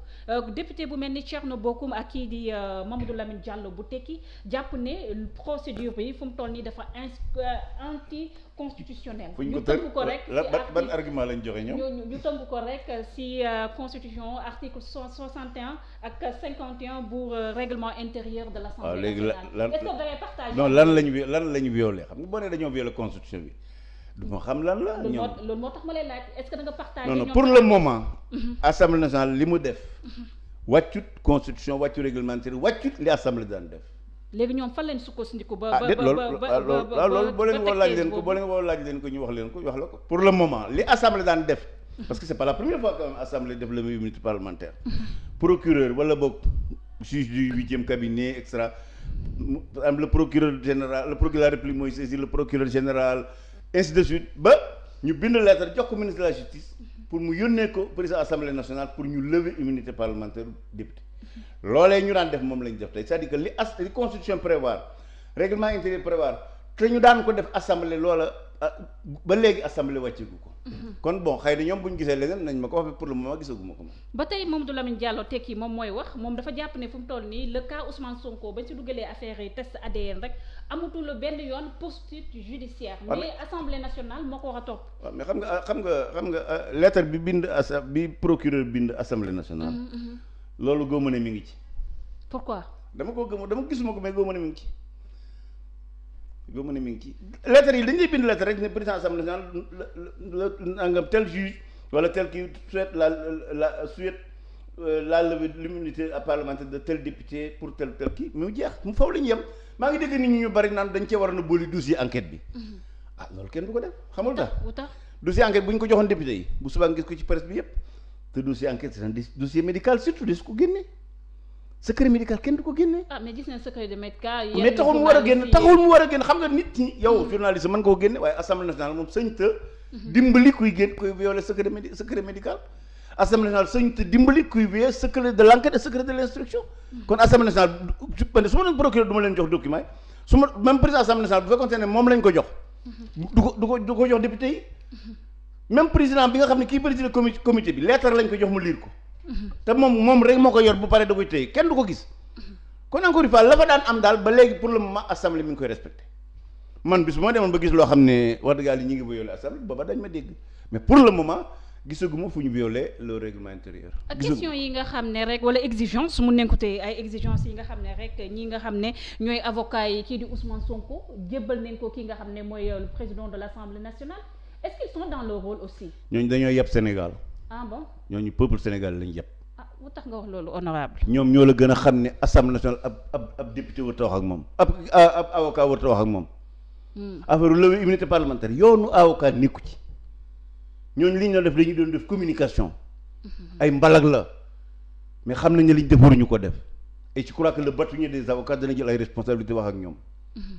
député bu mel ni Thierno Bocoum ak kii di Mamadou Lamine Diallo bu tekki jàpp ne procédure bi fu mu toll nii dafa anti constitutionnel. fu ñu ko tënk ko rek ban ban argument lañ joxe ñoom. ñu ñu tënk ko rek si euh, constitution article soixante et un ak cinquante et un bu euh, règlement intérieur de l' assemblée. waaw ah, léegi lan est da ngay partager. xam nga boo dañoo violé constitution bi du xam lan la. ñoom loolu moo tax ma lay laaj est-ce que da nga partager. non non pour le moment. Mhm. assemblée nationale li mu def. Mhm. wàccut constitution wàccut réglementaire wàccut li assemblée daan def. léegi ñoom fan leen sukkandiku ba ah, ba ba ba loolu ah, boo leen ko laaj leen ko boo leen ko leen ko ñu wax leen ko wax la ko pour le moment li assemblée daan def parce que c'est pas la première fois quand même assemblée def le minute parlementaire procureur wala boog juge du huitième cabinet et cetera am le procureur général le procureur de la République mooy saisir le procureur général ainsi de ba ñu bind lettre jox ko ministre la justice pour mu yónnee ko président assemblée nationale pour ñu lever immunité parlementaire député loolee ñu daan def moom lañ def tey c'est-à-dire li as li constitution prévoir règlement intérieur prévoir te ñu daan ko def assemblée loola ah, ba léegi assemblée wàcceegu ko. Mhm. kon bon xëy na ñoom bu ñu gisee leneen nañ ma ko wax pour le moment gisagu ma ko moom. ba tey Mamadou mooy wax moom dafa jàpp ne fu mu toll nii le cas Ousmane Sonko ba ci dugalee affaire yi test ADN rek amatul benn yoon poursuite judiciaire. mais assemblée nationale moo ko war a topp. waaw mais xam nga xam nga xam nga euh, lettre bi bind assa bi procureur bind assemblée national mhm, mhm. loolu gëmm ne mi ngi ci. pourquoi. dama koo gëmm dama gisuma ko mais gëmm ne mi ngi ci gëmm ne mi ngi ci lettre yi dañ lay bind lettre rek ne président assemblée nationale nangam tel juge wala tel qui souhaite la la souhaite euh, la levée de l'immunité parlementaire de tel député pour tel tel kii mu jeex mu faw la ñu yem maa ngi dégg nit ñi ñu bari naan dañ cee war na booli dossier enquête bi. Mhm. ah loolu kenn bu ko def xamul tax. du si enquête bu ñu ko joxoon député yi bu subaa gis ko ci presse bi yëpp. te dossier enquête c'est un médical surtout des ko génne secret médical kenn du ko génne. ah mais gis nañ secret de médical. mais taxul mu war a génn taxul mu war a génn xam nga nit yow journaliste mën koo génne waaye assemblée nationale moom sëñ mhm. dimbali kuy génn kuy violer secret secret médical. assemblée nationale l' mhm. su ma leen procureur du leen jox document yi su ma même assemblée nationale bu fekkoon ne moom lañ ko jox. Mhm. du ko du ko du ko jox député yi. même président bi nga xam ne kii président comi comité bi lettre lañ ko jox mu liir ko. te moom moom rek moo ko yor bu paree da koy téye kenn du ko gis. kon encore une fois la daan am daal ba léegi pour le moment assemblée mi ngi koy respecté loo xam ne wax dëgg yàlla ñu ngi violé assemblée booba dañ ma dégg mais pour le moment. gisaguma fu ñu violé le règlement intérieur. ak ah, yi nga xam ne rek wala exigence mu nekk tey ay exigence yi nga xam ne rek ñi nga xam ne ñooy avocat yi kii di Ousmane Sonko jébbal nañ ko ki nga xam ne mooy le président de l'Assemblée nationale. est-ce qu'ils aussi. ñooñu dañoo yeb Sénégal. ah bon ñooñu peuple Sénégal lañ yeb. ah wu tax nga wax loolu honorable ñoom ñoo la gën a xam ne assemblée nationale ab ab ab ak moom ab ab ak moom. Hmm. affaire levée immunité parlementaire yoonu avocat nekku ci ñooñu li ñu doon def dañuy doon def communication. Mm-hmm. ay mbalag la mais xam nañ ne li ñu def waruñu ko def et je crois que le bâtonnier des avocats dana jël ay responsabilités wax ak ñoom. Mm-hmm.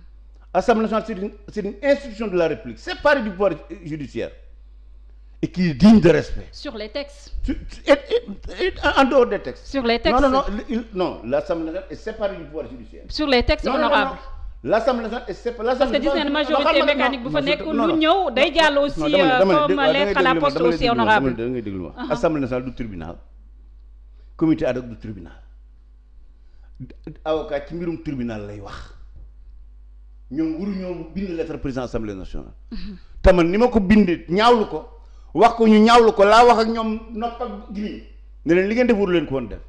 Assemblée nationale c'est une c'est une institution de la République séparée du pouvoir judiciaire et qui digne de respect. Sur les textes. Sur, et, et, et, en dehors Sur les textes. Non non non il, non l'Assemblée nationale est séparée du pouvoir judiciaire. Sur les textes honorables. l'Assemblée nationale est séparée. parce que gis nañu majorité mécanique bu fa nekk lu ñëw day jàll aussi euh, comme lettre la poste aussi honorable. da uh-huh. Assemblée nationale du tribunal comité ad du tribunal avocat ci mbirum tribunal lay wax. ñoom waruñoo bind lettre président assemblée nationale. te man ni ma ko bindee ñaawlu ko wax ko ñu ñaawlu ko laa wax ak ñoom nopp ak gii ne li ngeen def waru leen ko woon def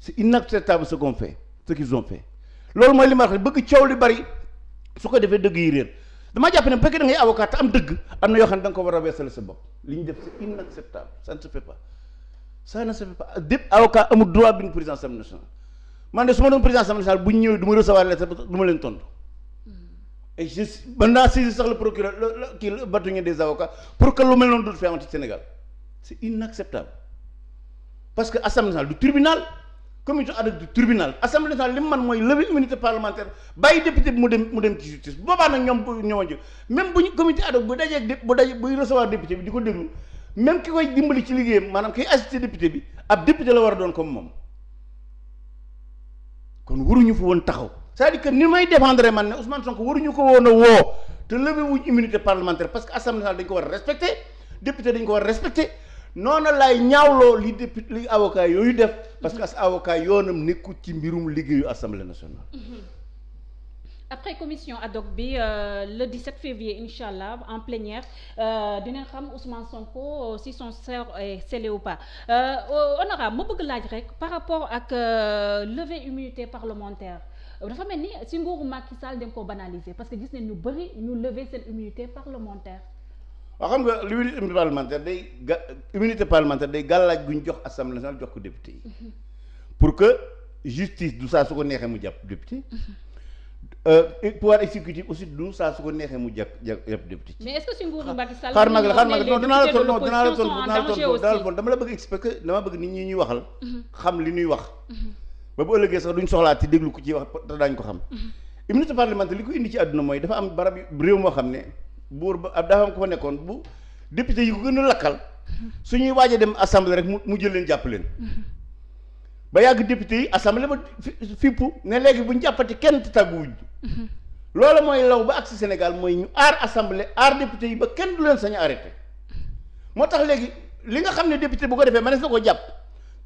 c'est inacceptable ce qu'on fait ce qu'ils ont fait loolu mooy li ma wax bëgg coow li bari su ko defee dëgg yi réer damaa jàpp ne bu fekkee da ngay avocat te am dëgg am na yoo xam ne da nga ko war a weesale sa bopp li ñu def c'est inacceptable ça ne se fait pas ça ne se fait pas dépp avocat amul droit man de su ma doon président Assemblée nationale bu ñëwee du ma recevoir lettre du ma leen tontu hmm. et je mën kii le bâtonnier des avocats pour que lu mel noonu dootu fi amati Sénégal c'est que Assemblée nationale du tribunal commission ad hoc du tribunal Assemblée nationale li mu man mooy lever immunité parlementaire bàyyi député bi mu dem mu dem ci justice boobaa nag ñoom ñoo jóg même bu ñu comité bu dajee bu dajee bi di ko déglu même ki koy dimbali ci liggéeyam maanaam kiy assisté député bi ab député la war a doon comme moom kon waruñu fa woon taxaw cest à que ni may défendre man ne Ousmane Sonko waruñu ko woon a woo te levé wuñ immunité parlementaire parce que assemblée nationale dañ ko war a respecté député dañ ko war a respecté noonu laay ñaawloo li député li avocat yooyu def parce que as avocat yoonam nekku ci mbirum liggéeyu assemblée nationale mm-hmm. après commission ad hoc bi euh, le 17 février incha allah en plénière euh, dinañ xam Ousmane Sonko euh, si son sort est scellé ou pas oh, honorable mu bëgg laaj rek par rapport ak levée immunité parlementaire dafa mel ni si nguuru Macky Sall dañ ko banaliser parce que gis nañ nu bëri ñu lever seen immunité parlementaire. waaw xam nga l'immunité parlementaire day ga immunité parlementaire day gàllaaj gu ñu jox assemblée nationale jox ko député yi. Mhm. pour que justice du saa su ko neexee mu jàpp député. Euh, pouvoir exécutif aussi du saa su ko neexee mu jàpp jàpp député mais est-ce que si nguuru Macky Sall xaar nag xaar nag la tontu la dama la bëgg expliquer dama bëgg nit ñi ñuy waxal mhm. xam li ñuy wax mhm. ba bu ëllëgee sax duñ soxlaati déglu ko ci wax te daañu ko xam mhm. immunité parlementaire li ko indi ci àdduna mooy dafa am barab réew moo xam ne buur ba dafa am ko nekkoon bu député yi ko gën a lakkal suñuy waaj a dem assemblée rek mu jël leen jàpp leen ba yàgg député yi assemblée ba fippu ne léegi buñ jàppati kenn te tàgguwuñ Mm-hmm. loolu mooy law ba ak si Sénégal mooy ñu aar assemblée aar député yi ba kenn du leen sañ arrêté mm-hmm. moo tax léegi li nga xam ne député bu ko defee mënees na ko jàpp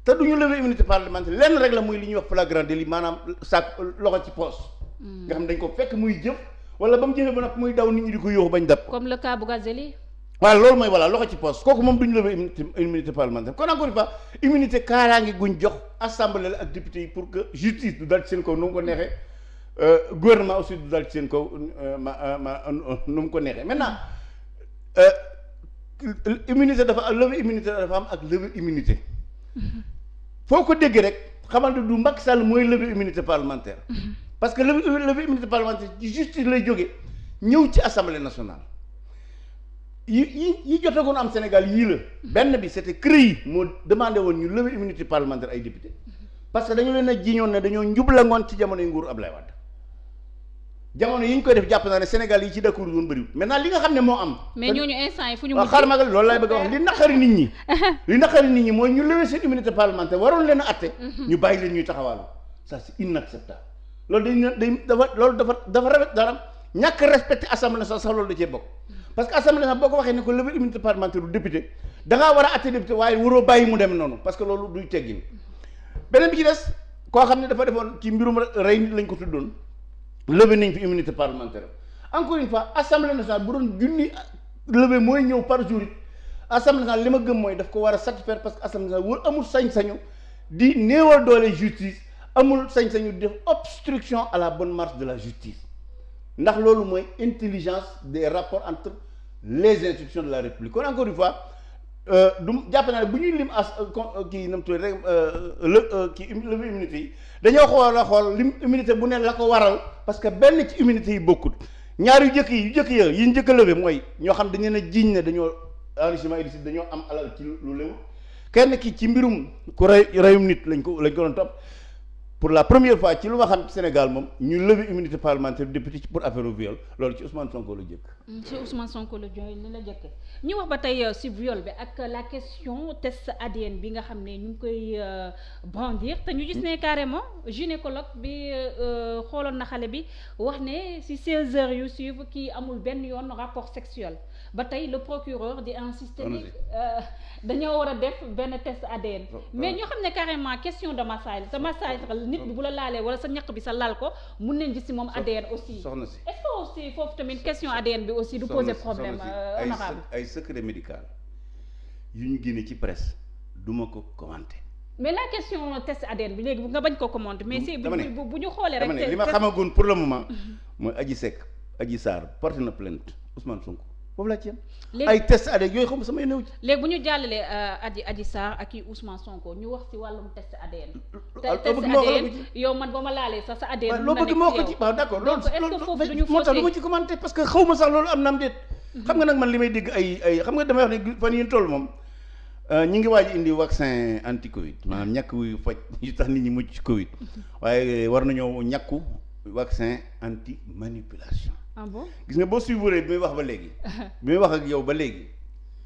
te du ñu lever immunité parlementaire lenn rek la muy li ñu wax flagrant délit maanaam sac loxo ci poos mm-hmm. nga xam dañ ko fekk muy jëf wala ba mu jëfee ba nag muy daw nit ñu di ko yóoxu bañ dab. comme le cas Bougazelli. waaw loolu mooy voilà loxo ci poos kooku moom du ñu lever immunité immunité parlementaire kon encore une fois immunité kaaraange yi pour que justice du dal ci seen kaw nu Euh, gouvernement aussi du dal ci seen kaw euh, ma euh, ma nu mu ko neexee maintenant immunité dafa levée immunité dafa am ak levée immunité foo ko dégg rek xamal ne du Macky Sall mooy levée immunité parlementaire parce que levée levée immunité parlementaire ci justice lay jóge ñëw ci assemblée nationale yi yi yi jotagoon am Sénégal yii la benn bi c'était CREI moo demandé woon ñu lever immunité parlementaire ay député parce que dañu leen a jiiñoon ne dañoo njublangoon ci jamonoy nguur Ablaye Wade jamono yi ñu koy def jàpp naa ne Sénégal yi ci d'accord doon bëriwul maintenant li nga xam ne moo am. mais ñooñu instant yi fu ñu. xaaral ma loolu laay bëgg a wax li naqari nit ñi. li naqari nit ñi mooy ñu lever seen immunité parlementaire waroon leen a atte. Mhm. ñu bàyyi leen ñuy taxawaalu ça c'est inacceptable loolu day day dafa loolu dafa dafa rafet dara ñàkk respecté assemblée nationale sax loolu da cee bokk. parce que assemblée nationale boo ko waxee ne ko lever immunité parlementaire du a atte député waaye bàyyi mu dem noonu parce que loolu duy beneen bi ci des koo xam ne dafa defoon ci mbirum rey nit lañ ko tuddoon levé nañ fi immunité parlementaire encore une fois assemblée nationale bu doon junni levé mooy ñëw par jour it assemblée nationale li ma gëm mooy daf ko war a satisfaire parce que assemblée nationale war amul sañ-sañu di néewal doole justice amul sañ-sañu def obstruction à la bonne marche de la justice ndax loolu mooy intelligence des rapport entre les institutions de la république kon encore une fois Euh, du jàpp naa ne bu ñuy lim as euh, euh, kii nam tudd rek le kii limu immunité yi dañoo xool a xool lim immunité bu ne la ko waral parce que benn ci immunité yi bokkut ñaar yu jëkk yi yu jëkk ya yi njëkk a levé mooy ñoo xam dañu ne jiiñ ne dañoo enrichissement dañoo am alal ci lu léwu kenn ki ci mbirum ku rey reyum nit lañ ko lañ ko doon topp pour la première fois ci lu ma xam Sénégal moom ñu levé immunité parlementaire député ci pour affaire viol loolu ci Ousmane Sonko la jëkk Mm, ci Ousmane Sonko la jooy li la jëkk ñu wax ba tey si euh, viol bi ak la question test ADN bi nga xam ne ñu ngi koy euh, brandir te ñu gis ne carrément gynécologue bi euh, xooloon na xale bi wax ne si 16 heures yu suivre kii amul benn yoon rapport sexuel ba tey le procureur di insister ni dañoo war a def benn test ADN mais ñoo xam ne carrément question de massage sa massage nit bu la laalee wala sa ñaq bi sa laal ko mun nañ gis si moom ADN aussi est-ce foofu tamit question ADN bi bi aussi du poser problème euh, honorable ay secret médical yu ñu génne ci presse duma ko commenté mais la question test ADN bi léegi nga bañ ko commenté mais c'est bu ñu xoolee rek li ma xamagoon pour le moment mooy Adji Seck Adji Sarr porte na plainte Ousmane Sonko foofu laa ci ay test ADN yooyu xam samay néew ci. léegi bu ñu jàllalee euh, Adji Adji Sarr ak i Ousmane Sonko ñu wax ci wàllum test ADN. Ah, test ADN yow man ba ma laalee sax sa ADN. loo bëgg ma wax ko ci waaw d' accord loolu loolu moo tax lu ma ci commenté parce que na mhm. xam nga nag man li may dégg ay ay xam nga damay wax ne fan yii toll moom. Euh, ñi ngi waaj indi vaccin anti Covid maanaam ñàkk yu faj yu tax nit ñi mucc Covid mhm. waaye war nañoo ñàkku vaccin anti manipulation. ah gis nga boo suivre bi may wax ba léegi. bi may wax ak yow ba léegi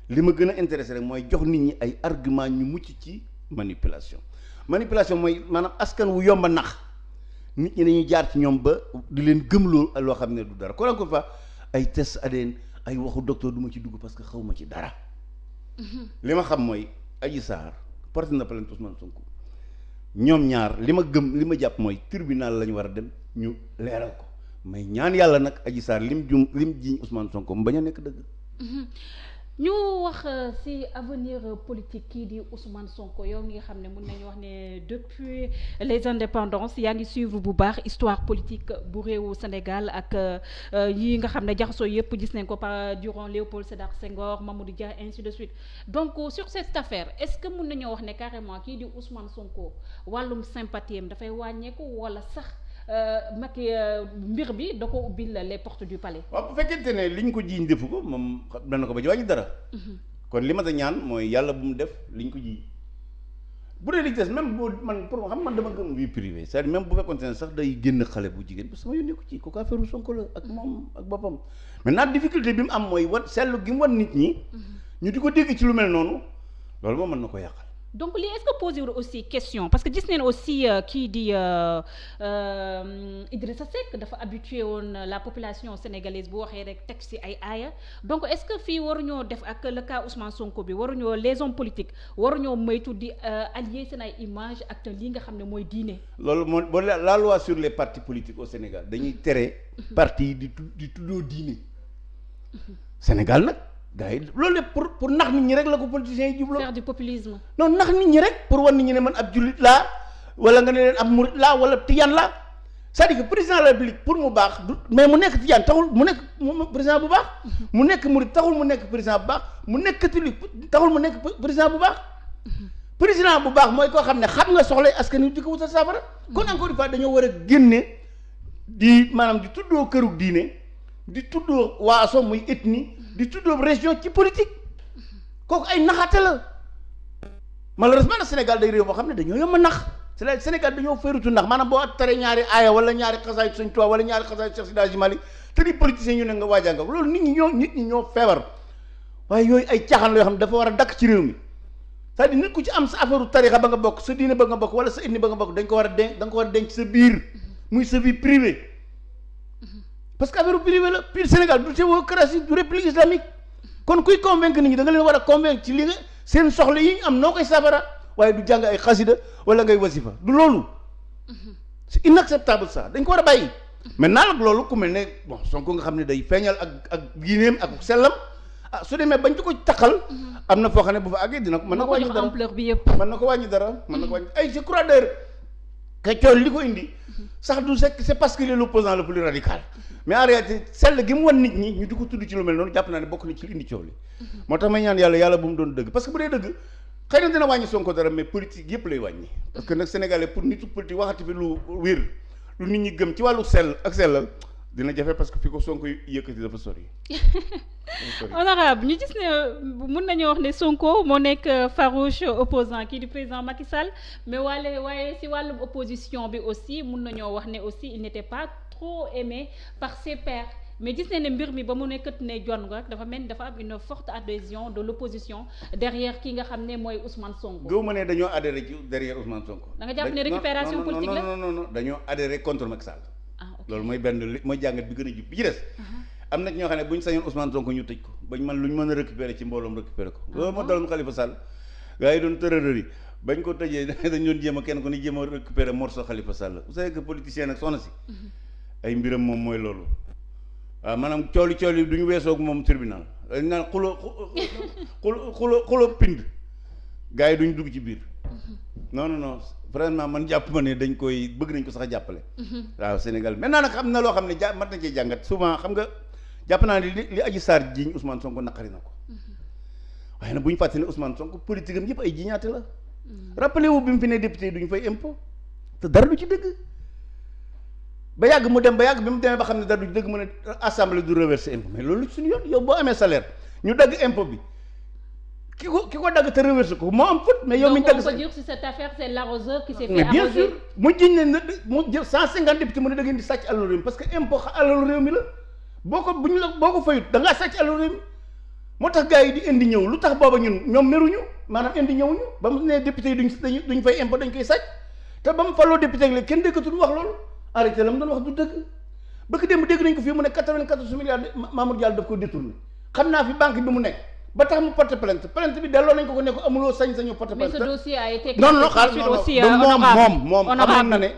li ma gën a intéressé rek mooy jox nit ñi ay argument ñu mucc ci manipulation manipulation mooy maanaam askan wu yomb a nax nit ñi dañuy jaar ci ñoom ba di leen gëmloo loo xam ne du dara kon encore fa ay test ADN ay waxu docteur du ma ci dugg parce que xaw ma ci dara. li ma xam mooy aji Sarr porte na plainte Ousmane Sonko ñoom ñaar li ma gëm li ma jàpp mooy tribunal la ñu war a dem ñu leeral ko. may ñaan yàlla nag Adji Sarr lim jum lim jiñ Ousmane Sonko mu bañ a nekk dëgg. Mhm. ñu wax euh, ci avenir euh, politique kii di Ousmane Sonko yow mi nga xam ne mën nañu wax ne depuis les indépendances yaa ngi suivre bu baax histoire politique bu réewu Sénégal ak euh, yi nga xam ne jaxasoo yëpp gis nañ ko par durant Léopold Sédar Senghor Mamadou Dia ainsi de suite donc sur cette affaire est-ce que mën nañoo wax ne carrément kii di Ousmane Sonko wàllum sympathie am dafay wàññeeku sax. Euh, Macky euh, mbir bi da ko ubbil les portes du palais. waaw bu fekkente ne li ñu ko jiiñ defu ko moom dana ko ba ci dara. Mhm. kon li ma da ñaan mooy yàlla bu mu def li ñu ko jiiñ bu dee li des même boo man pour xam man dama gën vie privée c'est-à-dire même bu fekkoon ne sax day génn xale bu jigéen parce que sama yónnee ci kooku affaire Sonko la ak moom ak boppam maintenant difficulté bi mu am mooy wan seetlu gi mu wan nit ñi. Mhm. ñu di ko dégg ci lu mel noonu loolu moom mën na ko yàq. donc lii est-ce que posé aussi question parce que gis neen aussi euh, kii di euh, euh, sa Seck dafa habitué woon la population sénégalaise bu waxee rek teg ci ay aaya donc est-ce que fii waruñoo def ak le cas Ousmane Sonko bi waruñoo les hommes politiques waruñoo moytu di allier seen ay image ak te lii nga xam ne mooy diine. loolu moo bon la loi sur les partis politiques au Sénégal dañuy tere. Mhm. parti di tuddoo diine. Sénégal nag. gars yi loolu lépp pour pour nax nit ñi rek la ko politiciens yi jubloo. faire du nax nit ñi rek pour wan nit ñi ne man ab jullit laa wala nga ne leen ab murit laa wala tijaan laa c'est-à-dire que président la République pour mu baax du mais mu nekk tijaan taxul mu nekk président bu baax. Mhm. mu nekk murit taxul mu nekk président bu baax mu nekk catholique taxul mu nekk président bu baax. Mhm. président bu baax mooy koo xam ne xam nga soxla askan wi di ko wutal saafara. kon mhm. encore une fois dañoo war a génne di maanaam di tuddoo këru diine di tuddoo waaso muy ethnie di tuddoo région ci politique kooku ay naxaate la malheureusement nag Sénégal day réew moo xam ne dañoo yomb a nax Sénégal dañoo féerutu nax maanaam boo tere ñaari aaya wala ñaari xasaay Sëñ Tuubaa wala ñaari xasaay Cheikh Sida Hadji Malick te di politiciens ñu ne nga waajal nga loolu nit ñi ñoo nit ñi ñoo feebar waaye yooyu ay caaxaan la yoo xam ne dafa war a dakk ci réew mi c'est-à-dire nit ku ci am sa affaire tarixa ba nga bokk sa diine ba nga bokk wala sa ethnie ba nga bokk dañ ko war a da nga ko war sa biir muy sa vie parce que affaire privé la puis Sénégal du théocratie du république islamique kon kuy convaincre nit ñi da nga leen war a convaincre ci li nga seen soxla yi ñu am noo koy safara waaye du jàng ay xasida wala ngay wasifa du loolu c'est inacceptable sax dañ ko war a bàyyi maintenant nag loolu ku mel ne bon Sonko nga xam ne day feeñal ak ak ginéem ak sellam ah su demee bañ ci ko taxal am na foo xam ne bu fa àggee dina ko mën na ko wàññi dara ampleur bi yëpp mën na ko wàññi dara mën na ko wàññi ay li ko indi sax du sekk c'est parce qu'il est l'opposant le plus radical mais en réalité sell gi mu wan nit ñi ñu di ko tudd ci lu mel noonu jàpp naa ne bokk na ci li indi coow li moo tax may ñaan yàlla yàlla bu mu doon dëgg parce que bu dee dëgg xëy na dina wàññi Sonko dara mais politique yëpp lay wàññi parce nag sénégalais pour nitu politique waxati fi lu wér lu nit ñi gëm ci wàllu sell ak sellal dina jafe parce que fi ko Sonko yëkkati dafa sori. honorable ñu gis ne mun nañoo wax ne Sonko moo nekk euh, farouche opposant kii di président Macky Sall mais waale waaye si wàllum opposition bi aussi mun nañoo wax ne aussi il n'était pas trop aimé par ses mais gis nañ ne mbir mi ba mu nekkat ne jon rek dafa mel dafa am une forte adhésion de l'opposition derrière ki nga xam ne mooy Ousmane Sonko. gëw ma ne dañoo adhéré ci derrière Ousmane Sonko. da jàpp ne dañoo adhéré contre Macky loolu mooy benn li mooy jàngat bi gën a jub bi ci des am na ñoo xam ne bu ñu sañoon Ousmane Sonko ñu tëj ko bañ man lu ñu mën a récupérer ci mbooloom récupérer ko ah loolu moo daloon Khalifa Sall gars yi doon tërërër yi bañ ko tëjee dañ doon jéem a kenn ku ne jéem a récupérer morceau Khalifa Sall vous savez que politicien nag si mm-hmm. ay mbiram moom mooy loolu waaw ah, maanaam cooli cooli du ñu weesook moom tribunal dañ naan xulo xulo xulo xulo pind gars yi ñu dugg ci biir mm-hmm. non non vraiment man jàpp ma ne dañ koy bëgg nañ ko sax jàppale. Mhm. waaw Sénégal maintenant nag am na loo xam ne ja mat na cee jàngat souvent xam nga jàpp naa ni li li Adji Sarr jiiñ Ousmane Sonko naqari na ko. Mhm. waaye nag bu ñu fàttee ne usman Sonko politique am yëpp ay jiñaate la. Mhm. rappelé bi mu fi ne du ñu fay impôt te dara du ci dëgg. ba yàgg mu dem ba yàgg bi mu demee ba xam ne dara du ci dëgg mu ne assemblée du reverser impôt mais loolu suñu yoon yow boo amee salaire ñu dagg impôt bi. ki ko ki ko dagg te reversé ko moo am faute mais yow mi ñu dagg donc on peut dire sur cette affaire c'est l'arroseur qui s'est fait arroser mais bien mu ne mu jël cent cinquante mu ne da ngeen sàcc alalu réew mi la boo ko bu ñu la boo ko fayut da sàcc alalu réew mi moo tax gars yi di indi ñëw lu tax booba ñun ñoom meruñu maanaam indi ñëwuñu ba mu ne député yi duñ dañu fay impôt dañ koy sàcc te ba mu faloo député léegi kenn déggatul wax loolu arrêté la mu doon wax du dëgg bëgg démb dégg nañ ko fii mu ne quatre-vingt-quatorze daf ko détourné mu nekk ba tax mu porte plainte plainte bi delloo nañ ko ko ne ko amuloo sañ-sañu porte plainte non non xaal non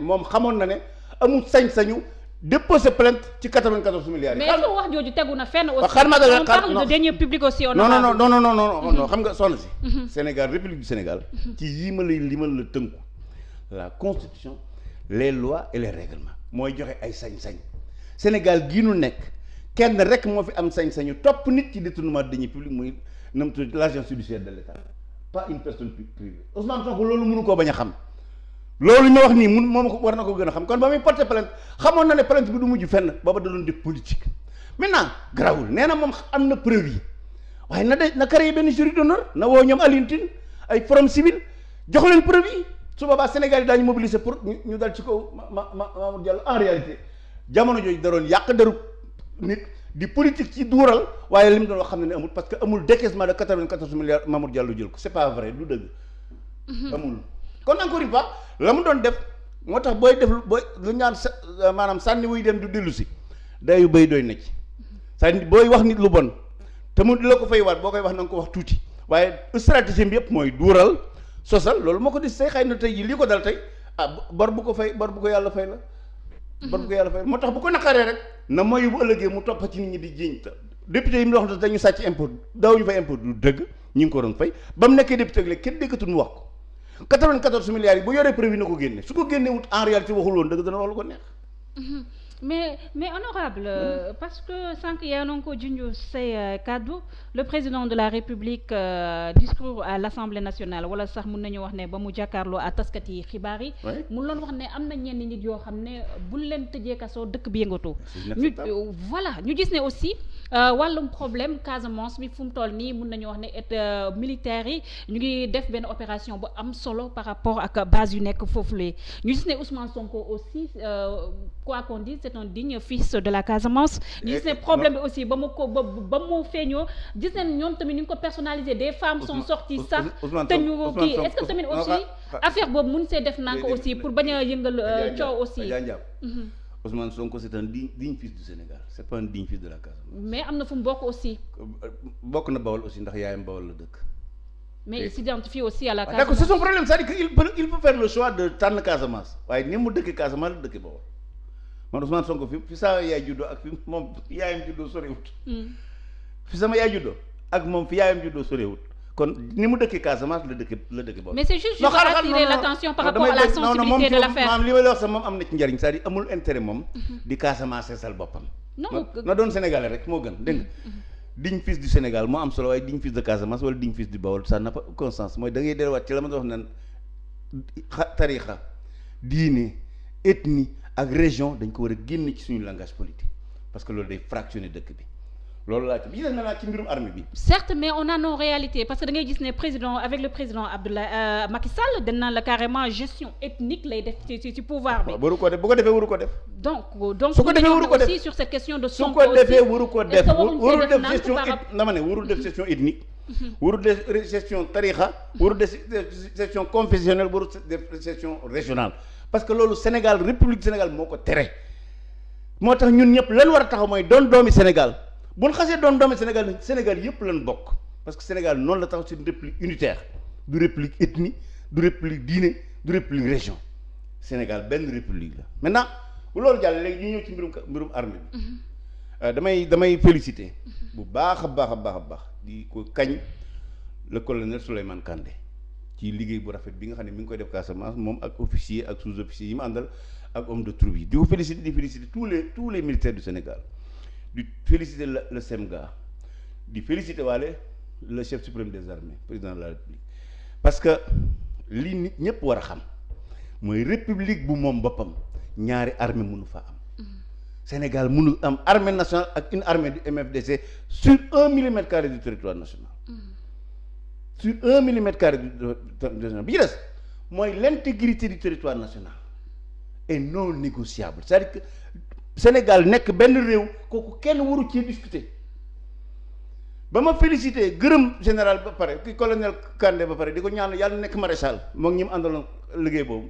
moom xamoon na ne amul sañ-sañu déposer plainte ci 94 milliards yi. mais est-ce na fenn aussi. xaaral ma xam nga soxna si. Mhm. Sénégal république du Sénégal. ci yii ma lay limal la tënku la constitution les lois et les règlements mooy joxe ay sañ-sañ Sénégal gii nu nekk. kenn rek moo fi am sañ-sañu topp nit ci détournement de deniers publics muy nam tudd l'agence judiciaire de l'État pas une personne privée Ousmane Sonko loolu mënu koo bañ a xam loolu ñu wax nii mun moom ko war na ko gën a xam kon ba muy porté plainte xamoon na ne plainte bi du mujj fenn booba da doon def politique maintenant grawul nee na moom am na preuve yi waaye na de na créé benn jury d'honneur na woo ñoom Alioune Tine ay forum civil jox leen preuve yi su boobaa Sénégal yi daañu mobiliser pour ñu dal ci kaw ma ma Mamour Diallo en réalité jamono jooju daroon yàq darub nit di politique ci duural waaye li mu doon wax xam ne ne amul parce que amul décaissement de quatre-vingt-quatorze milliards Mamour Diallo jël ko c'est pas vrai du dëgg mhm. amul kon encore une fois la mu doon def moo tax booy def booy lu ñaan euh, maanaam sànni wuy dem du dellu si dayu béy doy na ci sànni booy wax nit lu bon te mu di la ko fay waat boo koy wax na nga ko wax tuuti waaye stratégie bi yëpp mooy duural sosal loolu moo ko di say xëy na tey ji lii ko dal tey ah bu ko fay bor bu ko yàlla fay la ban ko tax bu ko naqaree rek na mooy bu ëllëgee mu topp ci nit ñi di jiiñ ta député yi mu wax dañu sàcc impôt daawuñu ñu ngi ko doon fay ba mu nekkee député léegi kenn déggatul mu wax ko 94 milliards yi bu yoree prévu na ko génne su ko génne wut en réalité waxul woon dëgg dana wax lu ko neex mhm. mais mais honorable euh, parce que sànq yaa ngi ko junj say euh, kàddu le président de la république euh, discours à l'assemblée nationale wala sax mun nañoo wax ne ba mu jàkkaarloo à taskat yi xibaar yi. mu loon wax ne am na ñenn nit yoo xam ne bu leen tëjee kaso dëkk bi yëngatu. ñu euh, voilà ñu gis ne aussi euh, wàllum problème Casamance bi fu mu toll nii mun nañoo wax ne et militaires yi ñu ngi def benn opération bu am solo par rapport ak base yu nekk foofu la ñu gis ne Ousmane aussi. Euh, quoi qu'on dise c'est un digne fils de la Casamance gis ne problème bi aussi ba mu ko ba ba mu feeñoo gis ne ñoom tamit ni ñu ko personnalisé des femmes sont sorties sax te ñu kii est que tamit aussi affaire boobu mun see def naa ko aussi pour bañ a yëngal euh, coow aussi mhm. Ousmane Sonko c'est un digne digne fils du Sénégal c'est pas mais am na fu mu bokk aussi. bokk na Bawol aussi ndax yaayam Bawol la dëkk. mais il s'identifie aussi à la Casamance. Ah, d'accord c'est son problème waaye ni mu dëkkee Casamance la dëkkee Bawol. man Ousmane Sonko fi fi sama yaay juddoo ak fi moom yaayam juddoo sorewut hmm. fi sama yaay juddoo ak moom fi yaayam juddoo sorewut kon ni mu dëkkee Casamance la dëkk la dëkk boobu. mais c'est juste pour attirer l'attention par rapport à la sensibilité de l'affaire maam li ma la moom am na ci mhm. boppam. non na doon sénégalais rek moo gën dégg nga. Mhm, mhm. digne fils du Sénégal moo am solo waaye digne fils de Casamance wala digne fils du Bawol ça n'a pas conscience mooy da ngay delluwaat ci la ma doon naan tarixa diine ethnie. ak région dañ ko war a génn ci suñu langage politique parce que loolu day fractionner dëkk bi loolu laa ci yéen na naa ci mbirum armée bi. certes mais on a nos réalités parce que da ngay gis ne président avec le président Abdoulaye euh, Macky Sall la carrément gestion ethnique lay def ci ci pouvoir bi. waru ko def bu ko ko def. donc donc. su ko defee waru ko def aussi sur cette question de. Sonko su ko defee waru ko def warul def gestion dama ne def gestion ethnique. Mhm. warul def gestion tarixa warul def parce que loolu Sénégal république Sénégal moo ko tere moo tax ñun ñëpp lan war a taxaw mooy doon doomi Sénégal bu ñu xasee doon doomi Sénégal Sénégal yëpp lan bokk parce que Sénégal noonu la taxaw ci république unitaire du république ethnie du république diine du république région Sénégal benn république la maintenant bu loolu jàll léegi ñu ñëw ci mbirum mbirum armée bi mhm. euh, damay damay féliciter mhm. bu baax a baax a baax a baax di ko kañ le colonel Souleymane Kandé ci liggéey bu rafet bi nga xam ne mi ngi koy def Casamance moom ak officier ak sous-officier yi mu àndal ak homme de troupe yi di ko féliciter di féliciter tous les tous les militaires du Sénégal di féliciter le SEMGA di féliciter waale le chef suprême des armées président de la République parce que li nit ñëpp war a xam mooy république bu moom boppam ñaari armée mënu fa am mm-hmm. Sénégal mënu am armée nationale ak une armée du MFDC sur un millimètre carré du territoire su un millimètre carré de bi ci des mooy l'intégrité du territoire national est non négociable cest à que Sénégal nekk benn réew kooku kenn waru cee discuter ba ma félicité gërëm général ba pare ki colonel kande ba pare di ko ñaan yàlla nekk maréchal moom ñi mu àndaloon liggéey boobu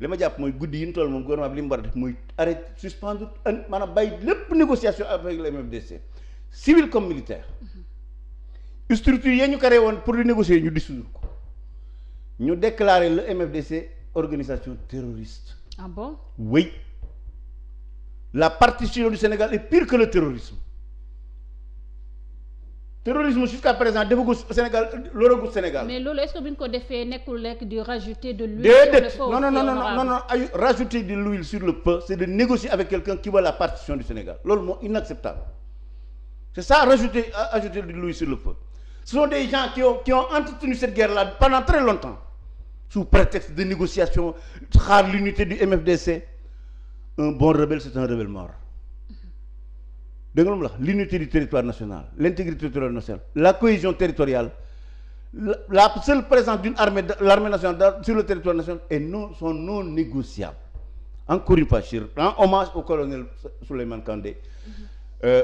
li ma jàpp mooy guddi yi ñu toll moom gouvernement li mu war a def mooy arrêté suspendre maanaam bàyyi lépp négociation avec le MFDC civil comme militaire structure ya ñu karee woon pour di négocier ñu dissoudre ko ñu déclarer le MFDC organisation terroriste. ah bon la partition du Sénégal est pire que le terrorisme terrorisme jusqu'à présent defagu Sénégal loragu Sénégal. mais loolu est-ce que bu ñu ko defee nekkul rek di rajouter de l'huile sur le feu non non non non non rajouter de l'huile sur le feu c'est de négocier avec quelqu'un qui veut la partition du Sénégal loolu moo inacceptable c'est ça rajouter ajouter de l'huile soo sont des gens qui ont, qui ont entretenu cette guerre-là pendant très longtemps, sous prétexte de négociations, rare l'unité du MFDC. Un bon rebelle, c'est un rebelle mort. L'unité du territoire national, l'intégrité territoriale nationale, la cohésion territoriale, la seule présence d'une armée, l'armée nationale sur le territoire national est non, sont non négociables. Encore une fois, en hommage au colonel Souleymane Kandé. Euh,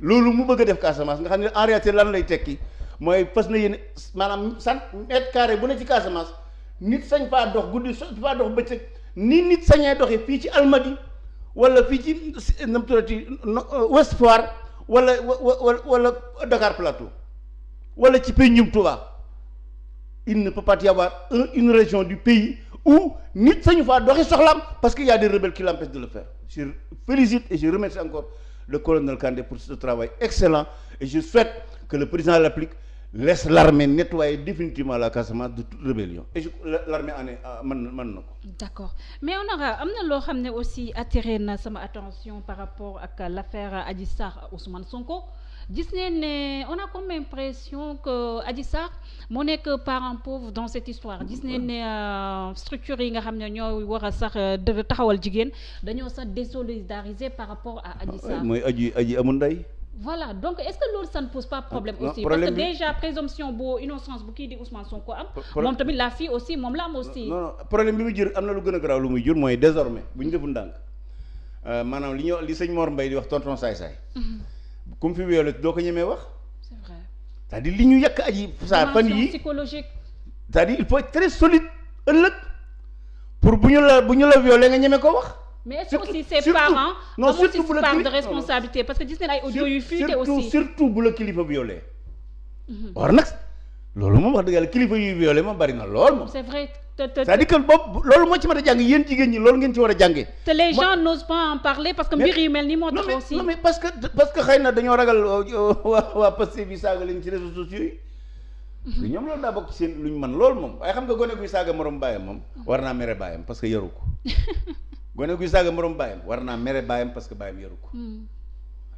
loolu mu bëgg a def Casamance nga xam ne en lan lay tekki mooy fas na yéen maanaam sant mètre carré bu ne ci Casamance nit sañ faa dox guddi so faa dox bëccëg ni nit sañee doxee fii ci Almadi wala fii ci nam euh, Ouest Foire wala wala wala Dakar Plateau wala ci peñum Touba il ne peut pas y avoir une région du pays où nit sañu faa doxi soxlaam parce qu'il y a des qui l'empêchent de le faire je félicite et je remercie encore le colonel Kandé pour ce travail excellent et je souhaite que le président de la laisse l'armée nettoyer définitivement la Casamance de toute rébellion et je l'armée en man euh, mën na mën na ko d'accord mais honorable am na loo xam ne aussi attiré na sama attention par rapport ak l'affaire Adji Sarr Ousmane Sonko gis neen ne on a comme impression que Adji moo nekk parent pauvre dans cette histoire gis neen ne euh, structure yi nga xam ne ñooy war a sax euh, taxawal jigéen dañoo sax désolidariser par rapport à Adji Sarr ah, mooy aji aji amul ndey voilà donc est-ce que loolu ça ne pose pas problème euh, parce que déjà présomption boo innocence bu kii di Ousmane Sonko am moom tamit la fille aussi moom la am aussi problème bi muy jur am na lu gën a garaaw lu muy jur mooy désormais bu ñu defu ndànk euh, maanaam li ñu li sëñ Mor Mbaye di wax tonton saay-saay comme fi wéyola doo ko ñemee wax c'est vrai li ñu yàq aji saa fan yi psychologique c'est-à-dire il faut être très solide ëllëg pour bu ñu la bu ñu la violé nga ñeme ko wax mais est-ce aussi ses surtout bu la part que gis nañ ay audio yu fuité aussi surtout bu la kilifa violé mhm. nag loolu moom wax dëgg yàlla kilifa yuy violé moom bari na lool moom c'est vrai c'est-à-dire loolu moo ci mën a jàng yéen jigéen ñi loolu ngeen ci war a jàngee te les gens n'osent pas en parler parce que mbir yu mel ni moo tax aussi non mais na dañoo ragal euh, euh, waa waa passé saaga leen ci réseaux sociaux yi lu mhm. ñoom loolu daa bokk seen lu ñu man loolu moom waaye xam nga gone guy saaga morom bàyyam moom mhm. war naa mere bàyyam parce gone guy saaga moroom bàyyam war naa mere bàyyam parce que bàyyam yoru ko hmm.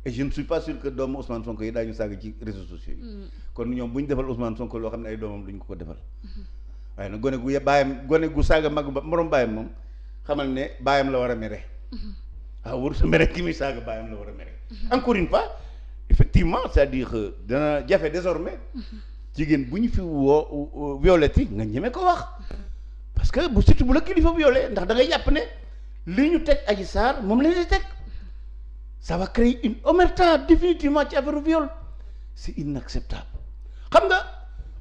et je ne suis pas sûr que doomu Ousmane Sonko yi daañu saaga ci réseaux sociaux yi hmm. kon ñoom bu ñu defal Ousmane Sonko loo xam ne ay doomam duñ ko ko defal hmm. waaye nag gone gu bàyyam gone gu saaga mag moroom bàyyam moom xamal ne bàyyam la war a mere ah war sa mere ki muy saaga bàyyam la war a mere encore une fois effectivement c'est-à-dire euh, dana jafe désormais jigéen bu ñu fi woo violette yi nga ko wax parce que bu surtout bu la kilifa violé ndax da ngay jàpp ne li ñu teg Adji Sarr moom la ñuy teg ça va créer une omerta définitivement ci affaire viol c'est inacceptable xam nga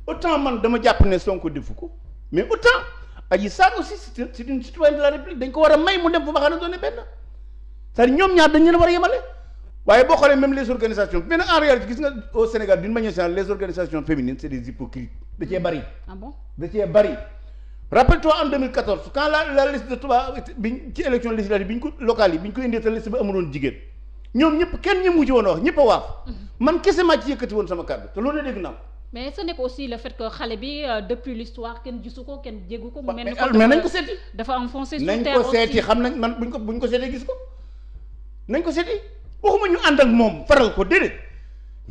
autant man dama jàpp ne Sonko defu ko mais autant Adji Sarr aussi c'est une citoyenne de la République dañ ko war a may mu dem fu ma xam ne doone benn cest ñoom ñaar dañ leen war a yemale waaye boo xoolee même les organisations mais nag en réalité gis nga au Sénégal d'une manière générale les organisations féminines c'est des hypocrites da cee bari. ah da cee bari. rappelle-toi en 2014 quand la la liste de Touba biñ ci élection législative bi ñu ko locale yi bi ñu ko indee te bi amuloon jigéen ñoom ñëpp kenn ñëmu ci woon wax ñëpp a waaf. Mhm. man kese ci yëkkati woon sama kàddu te loolu la dégg naa ko.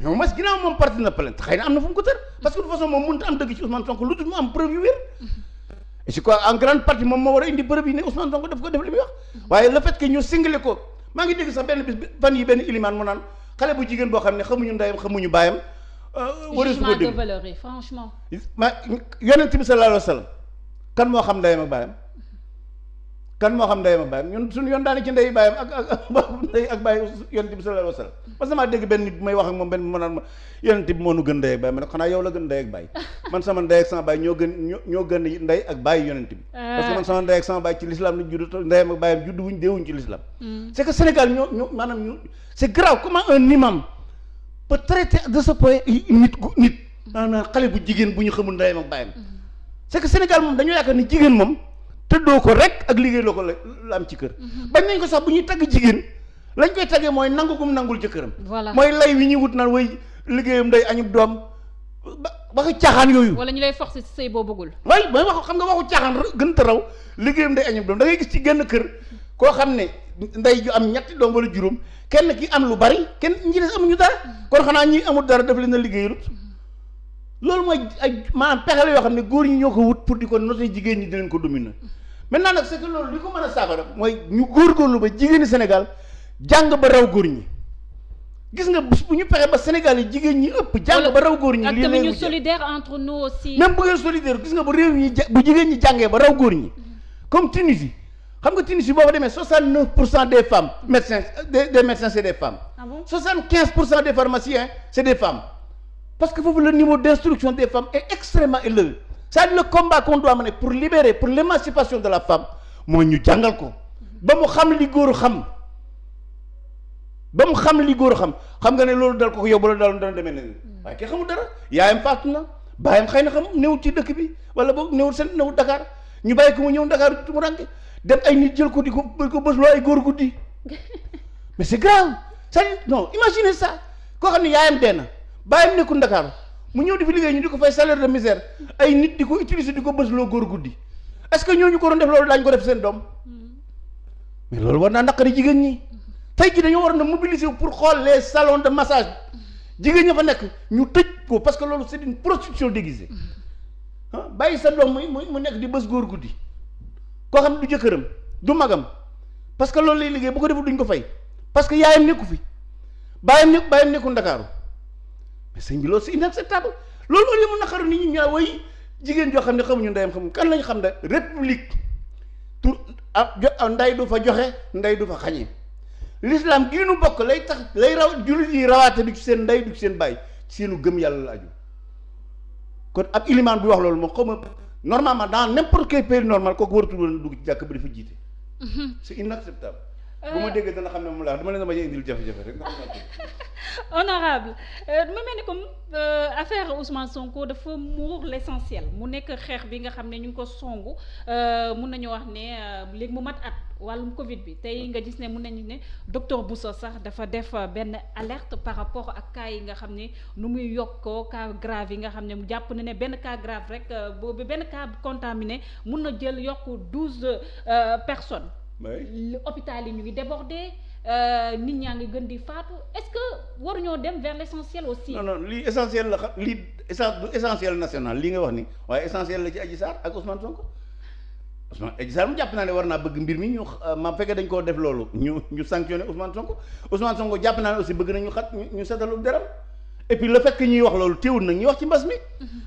mais ginnaaw moom parti na plainte xëy na am na fu mu ko tër parce que de façon moom mënut a am dëgg ci Ousmane Sonko lu dul mu am preuve je crois en grande partie moom moo war a indi bërëb yi ne Ousmane Sonko daf ko def li muy wax waaye le fait que ñu single ko maa ngi dégg sax benn bis fan yi benn ilimaan mu naan xale bu jigéen boo xam ne xamuñu ndeyam xamuñu baayam euh, war su ko dégg jugement bi sallallahu alayhi wa sallam kan moo xam ndeyam ak baayam kan moo xam ndeyam ak bàyyam ñun suñu yoon daane ci ndey bàyyam ak ak ndey ak bàyyi yonent bi sallallahu alayhi wasallam parce que maa dégg benn nit bu may wax ak moom benn mu naan ma yonent bi moo nu gën ndey ak bàyyi ma ne xanaa yow la gën ndey ak bàyyi man sama ndey ak sama bàyyi ñoo gën ñoo gën ndey ak bàyyi yonent bi ah. parce que man sama ndey ak sama bàyyi ci l'islam lañ judd ndeyam ak bàyyam judd wuñ deewuñ ci l'islam hmm. c'est que Sénégal ñoo ñoo maanaam ñu c'est grave comment un imam peut traiter de ce point nit nit hmm. maanaam xale bu jigéen bu ñu xamul ndeyam ak bàyyam hmm. c'est que Sénégal moom dañoo yaakaar ni jigéen moom tëddoo ko rek ak liggéey loo ko la am ci kër. Mhm. bañ nañ ko sax bu ñuy tagg jigéen lañ koy taggee mooy nangu mu nangul jëkkëram. voilà mooy lay wi ñuy wut naan way liggéeyam day añub doom ba ba ko caaxaan yooyu. wala ñu lay forcer ci sëy boo bëggul. mooy wax xam nga waxu caaxaan gën a raw liggéeyam day añub doom da ngay gis ci genn kër koo xam ne ndey ju am ñetti doom wala juróom kenn ki am lu bari kenn ñi des amuñu dara mhm. kon xanaa ñi amul dara daf leen a liggéeyalut. Mhm. loolu mooy ay maanaam pexe la yoo xam ne góor ñi ñoo ko wut pour di ko noter jigéen ñi dinañ ko dominer maintenant nag c'est que loolu li ko mën a saafara mooy ñu góorgóorlu ba jigéeni Sénégal jàng ba raw góor ñi gis nga bu ñu pexe ñi ëpp jàng ba raw góor ñi. lii lay ñu solidaire entre nous aussi. même bu ngeen solidaire gis nga ba réew yi bu jigéen ñi jàngee ba raw góor ñi comme Tunisie xam nga Tunisie boo fa demee 69 pour cent des femmes médecins euh, des médecins c'est des femmes. ah bon pour cent des pharmaciens c'est des femmes. Parce que vous, le niveau d'instruction des femmes est extrêmement élevé. C'est le combat qu'on doit mener pour libérer, pour l'émancipation de la femme. Moi, ñu jangal ko. Ba mu xam li góor xam. Ba mu xam li góor xam. Xam nga ne loolu dal ko yow bu la dal dana demé nen. Mm. Waaye ki xamul dara, yaayam faatu na, baayam xëy na xam néew ci dëkk bi wala boog néew seen néew Dakar. Ñu bàyyi ko mu ñëw Dakar mu ranke. Dem ay nit jël ko di ko ko bës loo góor guddi. Mais c'est grave. Ça, non, Koo xam ne yaayam na. bàyyam nekkul Ndakaaru mu ñëw di ñu di ko fay salaire de misère ay nit di ko utiliser loo góor guddi est-ce que ñooñu ko doon def loolu daañu ko def seen doom mais war naa naqari jigéen ñi tey jii dañoo waroon a mobiliser pour xool les salons de massage jigéen ña fa nekk ñu tëj ko parce que loolu c'est une prostitution déguisée ah bàyyi sa doom muy muy mu nekk di bës góor guddi koo xam ne du jëkkëram du magam parce que loolu lay liggéey bu ko deful duñ ko fay parce que yaayam nekku fi bàyyi nekk bàyyam nekku Ndakaaru mais sëñ bi loolu c'est inacceptable loolu au lieu mu naqaru nit ñi ñaa way jigéen joo xam ne xamuñu ndeyam xam kan lañu xam ne république tur ah ndey du fa joxe ndey du fa xañe l'islam gii nu bokk lay tax lay raw jullit yi rawaate du ci seen ndey du ci seen bàyyi seenu gëm yàlla la aju kon ab ilimaan bi wax loolu moom xawma normalement dans n'importe quel pays normal kooku waratul woon dugg ci jàkk ba dafa jiite mhm. c'est inacceptable bu ma euh, dégg dana xam ne moom laa dama leen a bañ a indil jafe-jafe rek honorable euh, mu mel ni comme euh, affaire Ousmane Sonko dafa muur l'essentiel mu nekk xeex bi nga xam ne ñu ngi ko songu mun nañu wax ne léegi mu mat at wàllum Covid bi tey nga gis ne mun nañu ne docteur Bousso sax dafa def benn alerte par rapport ak cas yi nga xam ne nu muy yokkoo cas grave yi nga xam ne mu jàpp na ne benn cas grave rek boobu benn cas contaminé mun na jël yokk douze personnes. hôpital yi ñu ngi débordé euh, nit ñaa ngi gën di faatu est-ce que war waruñoo dem vers l'essentiel aussi. non non lii essentiel la xam lii essence du essentiel national lii nga wax ni waaye essentiel la ci Adji Sarr ak Ousmane Sonko Ousmane Adji Sarr mu jàpp naa ne war naa bëgg mbir mi ñu euh, ma fekkee dañ koo def loolu ñu ñu sanctionné Ousmane Sonko Ousmane Sonko jàpp naa ne aussi bëgg nañu xat ñu ñu seetalu deram et puis le ñuy wax loolu teewul nag ñuy wax ci mbas mi.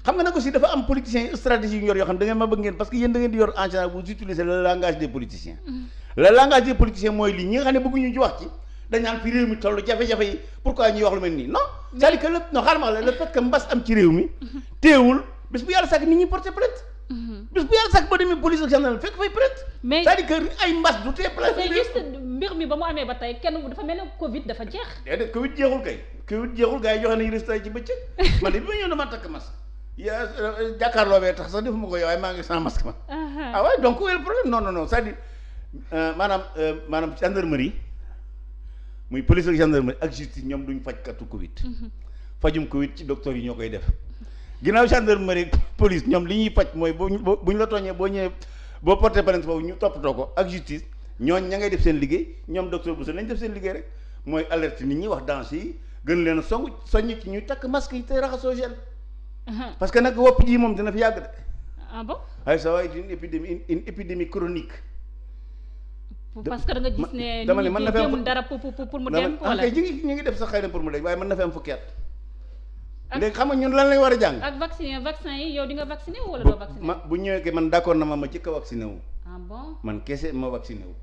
xam nga nag aussi dafa am politiciens stratégie yu ñu yoo xam da ngeen ma bëgg ngeen parce que yéen da di yor en général vous utilisez le langage des politiciens. Mm-hmm. le langage des mooy lii ñi nga xam ne bëgguñu ci wax ci dañ fi réew mi toll jafe-jafe yi pourquoi ñuy wax lu mel nii non. c'est-à-dire que xaaral ma la le fait mbas am ci réew mi. Mm-hmm. teewul bis bu yàlla sàkk nit ñi porté plainte. Mm-hmm. mbir mi ba mu amee ba tey kenn dafa mel ne Covid dafa jeex. déedéet Covid jeexul kay Covid jeexul gars yi joxe nañu résultat yi ci bëccëg man de bi ma ñëw dama takk masque yaa jàkkaarloo bee tax sax defuma ko yow maa ngi sans masque ma. ah waaye donc wala problème non non non c'est-à-dire euh, maanaam euh, maanaam gendarmerie muy police ak gendarmerie ak justice ñoom duñu fajkatu Covid. Mhm. fajum Covid ci docteur yi ñoo koy def. ginnaaw gendarmerie police ñoom li ñuy faj mooy boo buñ la tooñee boo ñëwee boo porté plainte foofu ñu toppatoo ko ak justice. ñooñ ña ngay def seen liggéey ñoom docteur Bousso nañ def seen liggéey rek mooy alerte nit ñi wax danse yi gën leen a song soññ ci ñuy takk masque yi te raxasoo gel mhm. parce que nag wopp ji moom dina fi yàgg de. ah bon ay sa waay une épidémie une épidémie chronique. da na dara pour pour ah, ñu ngi def sax xëy na pour mu dem waaye mën na fi am fukki at. Ah. léegi xam lan lay war a jàng. ak vaccin vaccin yi yow di nga vacciné wala doo ma bu ñëwee man d'accord na ma ma ci ka vacciné wu. ah man kese ma vacciné wu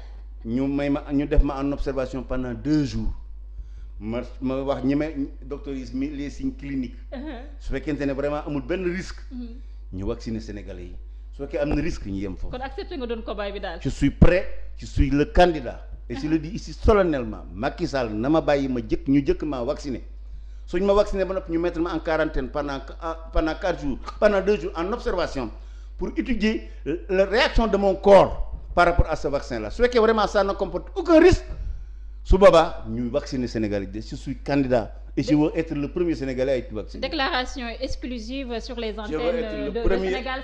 ñu may ma ñu def ma en observation pendant deux jours ma ma wax ñi may docteur yi mi les signes cliniques uh-huh. su fekkente ne vraiment amul benn risque mm-hmm. ñu vacciner sénégalais yi su fekkee am na risque ñu yem foofu kon accepté nga doon cobaye bi daal je suis prêt je suis le candidat et je le dis ici solennellement na ma bàyyi ma jëkk ñu jëkk maa su suñ ma vacciné ba noppi ñu mettre ma en quarantaine pendant ah, pendant quatre jours pendant deux jours en observation pour étudier la réaction de mon corps par rapport à ce vaccin-là su fekkee vraiment ça ne comporte aucun risque su boobaa ñu vacciner Sénégal yi je suis candidat et je veux être le premier Sénégalais à être vacciné. déclaration exclusive sur les antennes de ah, le cobaye du Sénégal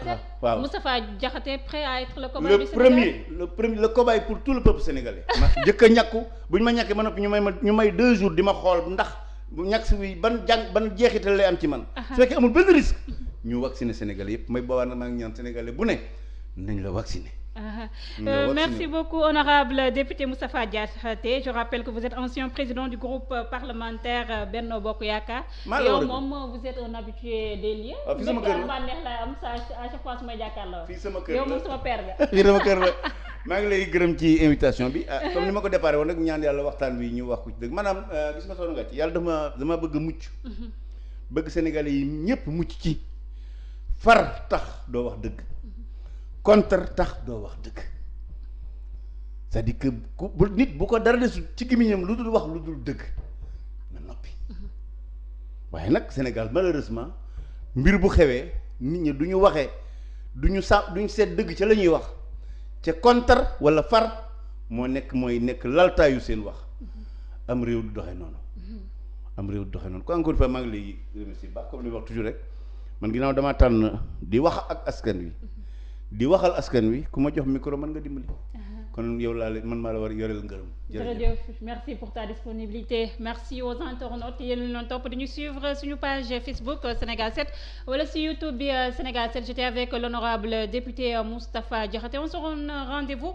premier le premier le cobaye pour tout le peuple sénégalais. ma njëkk a bu ñu ma ñàkkee ma noppi ñu may ma ñu may deux jours di ma xool ndax bu ñàkk si ban jàng ban jeexital lay am ci man. su fekkee ñu vacciner Sénégal yëpp may bawaan maa ngi ñaan Sénégalais bu ne nañ la vacciner. Ah, euh, merci beaucoup honorable député Moustapha Diakhaté je rappelle que vous êtes ancien président du groupe parlementaire euh, Benno Bokk Yaakaar yow moom vous êtes un habitué des lieux fii sama kër la neex la sa à chaque sama kër la maa ngi lay gërëm ci invitation bi ah comme ni ma ko déparé woon nag ñaan yàlla waxtaan wi ñu wax ku ci dëgg maanaam euh, gis nga soxna nga ci yàlla dama dama bëgg mucc mhm. bëgg Sénégalais yi ñëpp mucc ci far tax doo wax dëgg contre tax doo wax dëgg c'est-à-dire bu nit bu ko dara desul ci gémmiñam lu dul wax lu dul dëgg na noppi waaye nag Sénégal malheureusement mbir bu xewee nit ñi du ñu waxee du ñu sa du ñu seet dëgg ci la ñuy wax ca contre walla far moo nekk mooy nekk laltaayu seen wax am réew du doxee noonu am réew du doxee noonu ko encore une fois maa ngi lay remercier baax comme li wax toujours rek man ginnaaw damaa tànn di wax ak askan wi di waxal askan wi ku ma jox micro mën nga dimbali. kon yow laa man maa la war a yoreel ngërëm. jërëjëf merci pour ta disponibilité merci aux internautes yéen ñu doon topp di ñu suivre suñu page Facebook euh, Sénégal 7 wala si YouTube bi euh, Sénégal 7 j'étais avec euh, l'honorable député Moustapha Diakhaté on se donne rendez-vous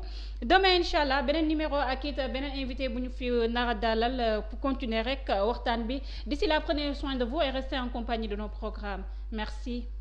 demain incha allah beneen numéro ak it beneen invité bu ñu fi nar a dalal pour continuer rek waxtaan bi d'ici là prenez soin de vous et restez en compagnie de nos programmes merci.